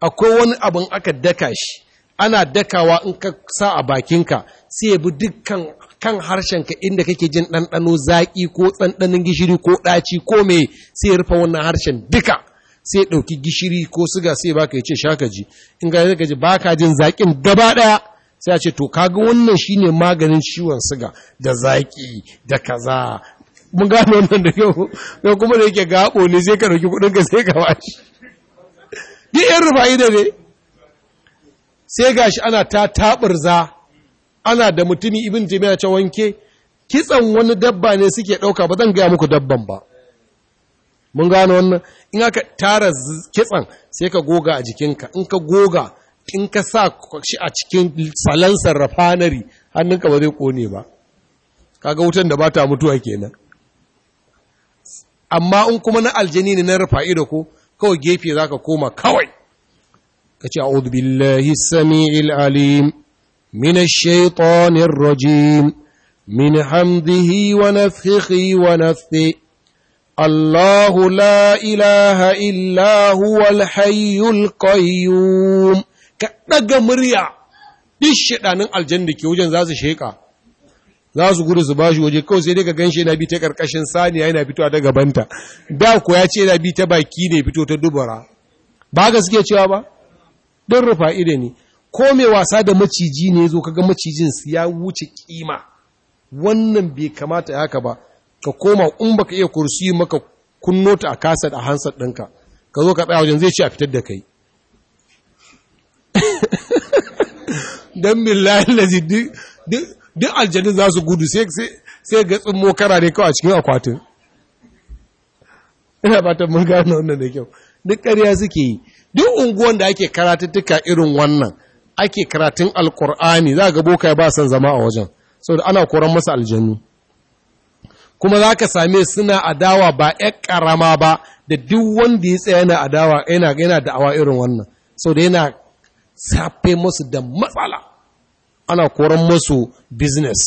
akwai wani abin aka daka shi ana dakawa in ka sa a bakinka sai ya bi dukkan kan ka inda kake jin ɗanɗano zaƙi ko ɗanɗanon gishiri ko ɗaci ko me sai ya rufe wannan harshen duka sai ɗauki gishiri ko siga sai baka ya ce shakaji. in ga ka ji baka jin zaƙin gaba ɗaya sai a ce to kaga wannan shine maganin ciwon siga da zaki da kaza mun gano wannan da yau da kuma da yake gabo ne sai ka dauki kudin ka sai ka bashi duk yan rufa'i da ne sai gashi ana ta taburza ana da mutumi ibn jami'a ce wanke kitsan wani dabba ne suke ɗauka ba zan gaya muku dabban ba mun gano wannan in aka tara kitsan sai ka goga a jikinka in ka goga in ka sa shi a cikin salansar rafanari hannunka ba zai kone ba kaga wutan da ba ta mutuwa kenan amma in kuma na aljani ne na rufa'i da ko kawai gefe za ka koma kawai ka ce a'udhu billahi sami'il alim min shaitanin rajim min hamdihi wa nafthihi wa nafthihi Allahu la ilaha إلا هو hayyul القيوم ka ɗaga murya duk shaɗanin aljanna ke wajen za su sheƙa za su gudu su shi waje kawai sai dai ka ganshi yana bi ta ƙarƙashin saniya yana fito ta gabanta da ko ya ce yana bi ta baki ne fito ta dubara ba ga suke cewa ba don rufa ire ne ko mai wasa da maciji ne zo kaga macijin su ya wuce kima wannan bai kamata haka ba ka koma in baka iya kursi maka kunnota a kasar a hansar ɗinka ka zo ka tsaya wajen zai ce a fitar da kai dan billahi lazi duk aljanin za su gudu sai ga tsummo kara ne kawai a cikin akwatin ina fatan mun gano wannan da kyau duk ƙarya suke yi duk unguwan da ake karatuttuka irin wannan ake karatun alkur'ani za ga boka ba san zama a wajen saboda ana koran masa aljanu kuma za ka same suna adawa ba ya karama ba da duk wanda ya tsaye na adawa yana da awa irin wannan so yana safe musu da matsala ana koran musu business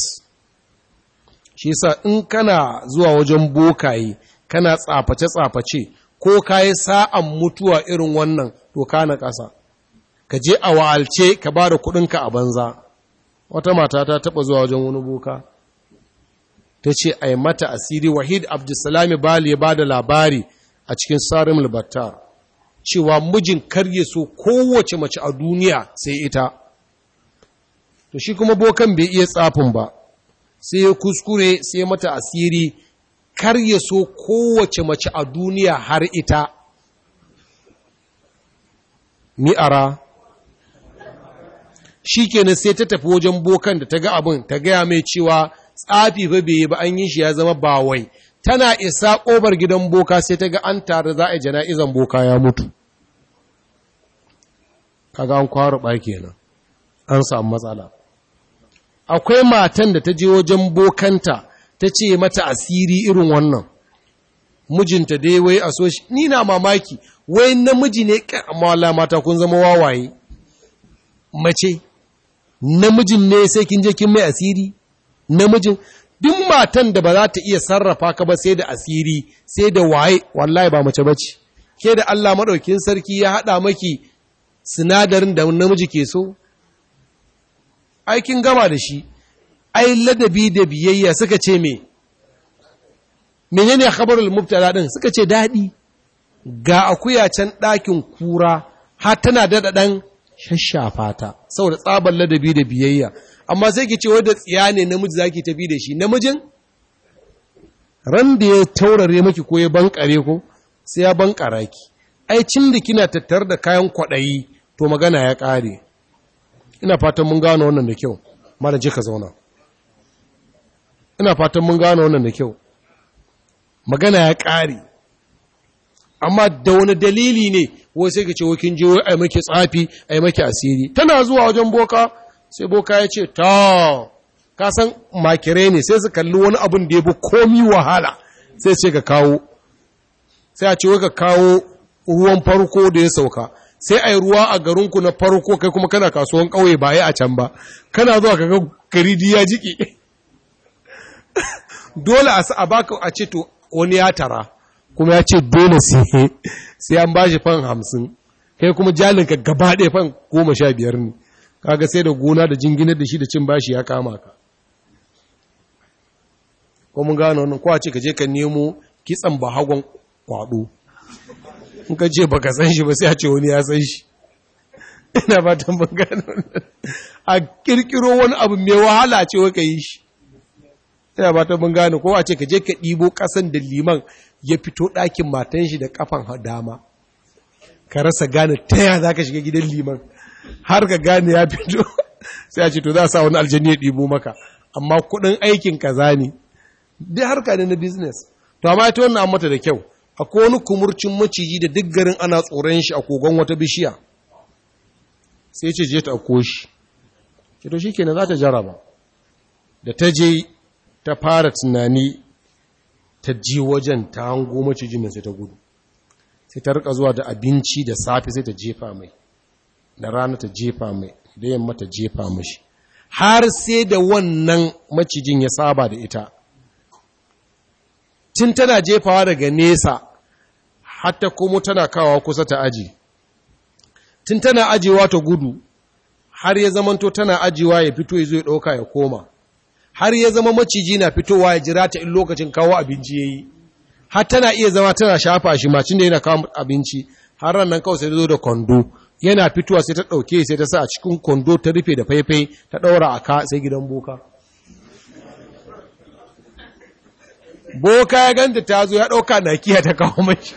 shi sa in kana zuwa wajen bokaye kana tsaface-tsaface ko kayi sa'an mutuwa irin wannan to kana ƙasa ka je a wa'alce ka ba da kuɗinka a banza wata mata ta taɓa zuwa wajen wani boka ta ce a yi mata asiri wahid abdulsalami bali ya ba da labari a cikin sarim albattar cewa mijin karye so kowace mace a duniya sai ita to shi kuma bokan bai iya tsafin ba sai ya kuskure sai mata asiri karye so kowace mace a duniya har ita Mi'ara shi kenan sai ta tafi wajen bokan da ta ga abin ta gaya mai cewa tsafi fa bai yi ba an yi shi ya zama bawai tana isa ƙobar gidan boka sai ta ga an tare za a jana'izan boka ya mutu kaga an kwaro ba kenan an samu matsala akwai matan da ta je wajen bokanta ta ce mata asiri irin wannan mijinta dai wai a soshi ni na mamaki wai namiji ne amma mata kun zama wawaye mace namijin ne sai kin je kin mai asiri namijin duk matan da ba za ta iya sarrafa ka ba sai da asiri sai da waye wallahi ba mace bace ke da Allah madaukin sarki ya hada maki sinadarin da namiji ke so aikin gama da shi ai ladabi da biyayya suka ce me menene khabarul mubtala din suka ce dadi ga akuya can ɗakin kura har tana daɗa ɗan shashafa saboda tsabar ladabi da biyayya amma sai ki ce wadda tsiya ne namiji za ki tafi da shi namijin ran da ya taurare maki ko ya bankare ko sai ya bankara ki ai cin da kina tattar da kayan kwaɗayi to magana ya ƙare ina fatan mun gano wannan da kyau malam je ka zauna ina fatan mun gano wannan da kyau magana ya ƙare amma da wani dalili ne wai sai ka ce wakin je ai maki tsafi ai maki asiri tana zuwa wajen boka sai boka ya ce ta ka san makire ne sai su kalli wani abin da ya bi komi wahala sai ce ka kawo sai a ce wai ka kawo ruwan farko da ya sauka sai a yi ruwa a garinku na farko kai kuma kana kasuwan ƙauye ba a can ba kana zuwa ka ga gari ya jiki dole a sa baka a ce to wani ya tara kuma ya ce dole sai an ba shi fan hamsin kai kuma jalinka gaba ɗaya fan goma sha biyar ne kaga sai da gona da jinginar da shi da cin bashi ya kama ka ko mun gano wannan ko a ce ka je ka nemo kitsan bahagon kwado in ka je baka san shi ba sai a ce wani ya san shi ina fatan ban gano a kirkiro wani abu mai wahala ce waka yi shi ina fatan ban gano ko a ce ka je ka ɗibo ƙasan da liman ya fito ɗakin matan shi da kafan dama ka rasa gane ta ya za ka shiga gidan liman har ka gane ya fito sai a ce to za a sa wani aljani ya ɗibo maka amma kuɗin aikin kaza ne dai harka ne na business to amma ita wannan mata da kyau akwai wani kumurcin maciji da duk garin ana tsoron shi a kogon wata bishiya sai ce je ta ako shi to shikenan za ta jaraba da ta je ta fara tunani ta ji wajen ta hango maciji mai sai ta gudu sai ta rika zuwa da abinci da safe sai ta jefa mai da rana ta jefa mai da yamma ta jefa mashi har sai da wannan macijin ya saba da ita tun tana jefawa daga nesa hatta komo tana kawo kusa ta aji tun tana ajiwa ta gudu har ya zamanto tana ajiwa ya fito ya zo ya ɗauka ya koma har ya zama maciji na fitowa ya jira ta in lokacin kawo abinci ya yi har tana iya zama tana shafa shi macin da yana kawo abinci har ran nan kawo sai zo da kwando yana fitowa sai ta ɗauke sai ta sa a cikin kwando ta rufe da faifai ta ɗaura a ka sai gidan boka boka ya ganta ta zo ya ɗauka na kiya ta kawo mashi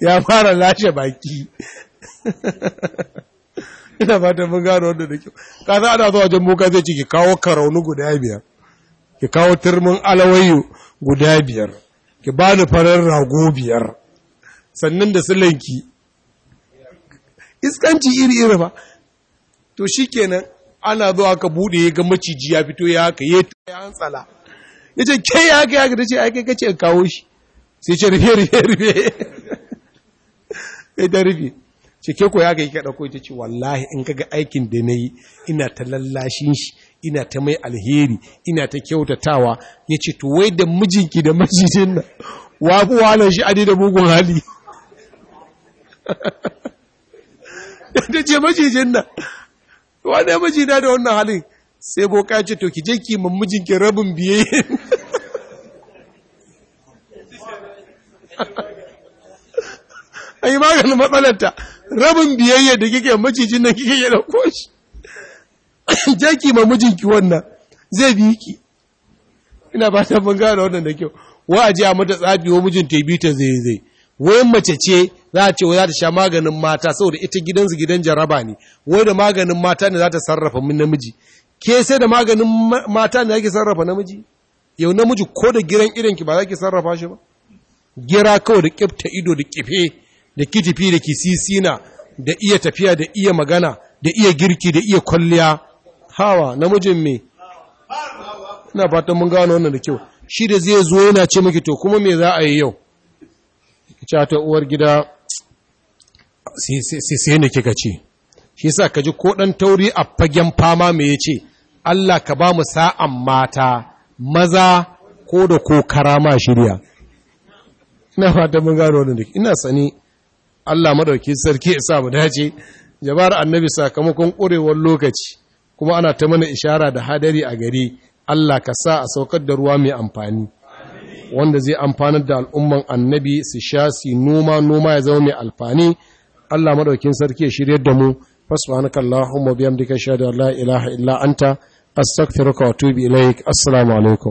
ya fara lashe baki ina fatan mun gano wanda da kyau ka a ana zuwa wajen boka zai ci ki kawo karaunu guda biyar ki kawo turmin alawayu guda biyar ki bani farar rago biyar sannan da silanki iskanci iri-iri ba to shi kenan ana zo aka bude ya ga maciji ya fito ya haka ya tuwa ya hantsala ya ce ke ya haka ya haka ta ce ake kace in kawo shi sai ce rufe rufe rufe ya ta rufe ce ke ko ya haka yi kaɗa ko ita ce wallahi in kaga aikin da na yi ina ta lallashin shi ina ta mai alheri ina ta kyautatawa ya ce to wai da mijinki da macijin nan wafi wahalar shi adi da mugun hali ta ce macijin nan wane majina da wannan halin sai boka ce to ki je ki mamijin ki rabin biye ai maganin matsalarta rabin biyayya da kike macijin nan kike yi dauko shi je ki mamijin ki wannan zai bi ki ina ba ta mun gane wannan da kyau wa a je a mata tsabi wa mijin ta zai zai wayan mace ce za a ce wai za ta sha maganin mata saboda ita gidansu gidan jaraba ne wai da maganin mata ne za ta sarrafa min namiji ke sai da maganin mata ne ake sarrafa namiji yau namiji ko da giran idonki ki ba za ki sarrafa shi ba gira kawai da kifta ido da kife da kitifi da kisisina da iya tafiya da iya magana da iya girki da iya kwalliya hawa namijin me ina fatan mun gano wannan da kyau shi da zai zo yana ce maki to kuma me za a yi yau ita ta uwar gida sai ne kika ce shi yasa ka ji ko ɗan tauri a fagen fama me yace, Allah ka ba mu sa'an mata maza ko da ko karama shirya ina fata mun gano wannan duk ina sani Allah madauki sarki ya sa mu dace jabar annabi sakamakon ƙurewar lokaci kuma ana ta mana ishara da hadari a gari Allah ka sa a saukar da ruwa mai amfani wanda zai amfanar da al'umman annabi su sha su noma noma ya zama mai alfani Allah maɗaukin sarki ya shiryar da mu fasbanaka Allahumma biyamdika shahadu la ilaha illa anta astaghfiruka wa atubu ilaik assalamu alaikum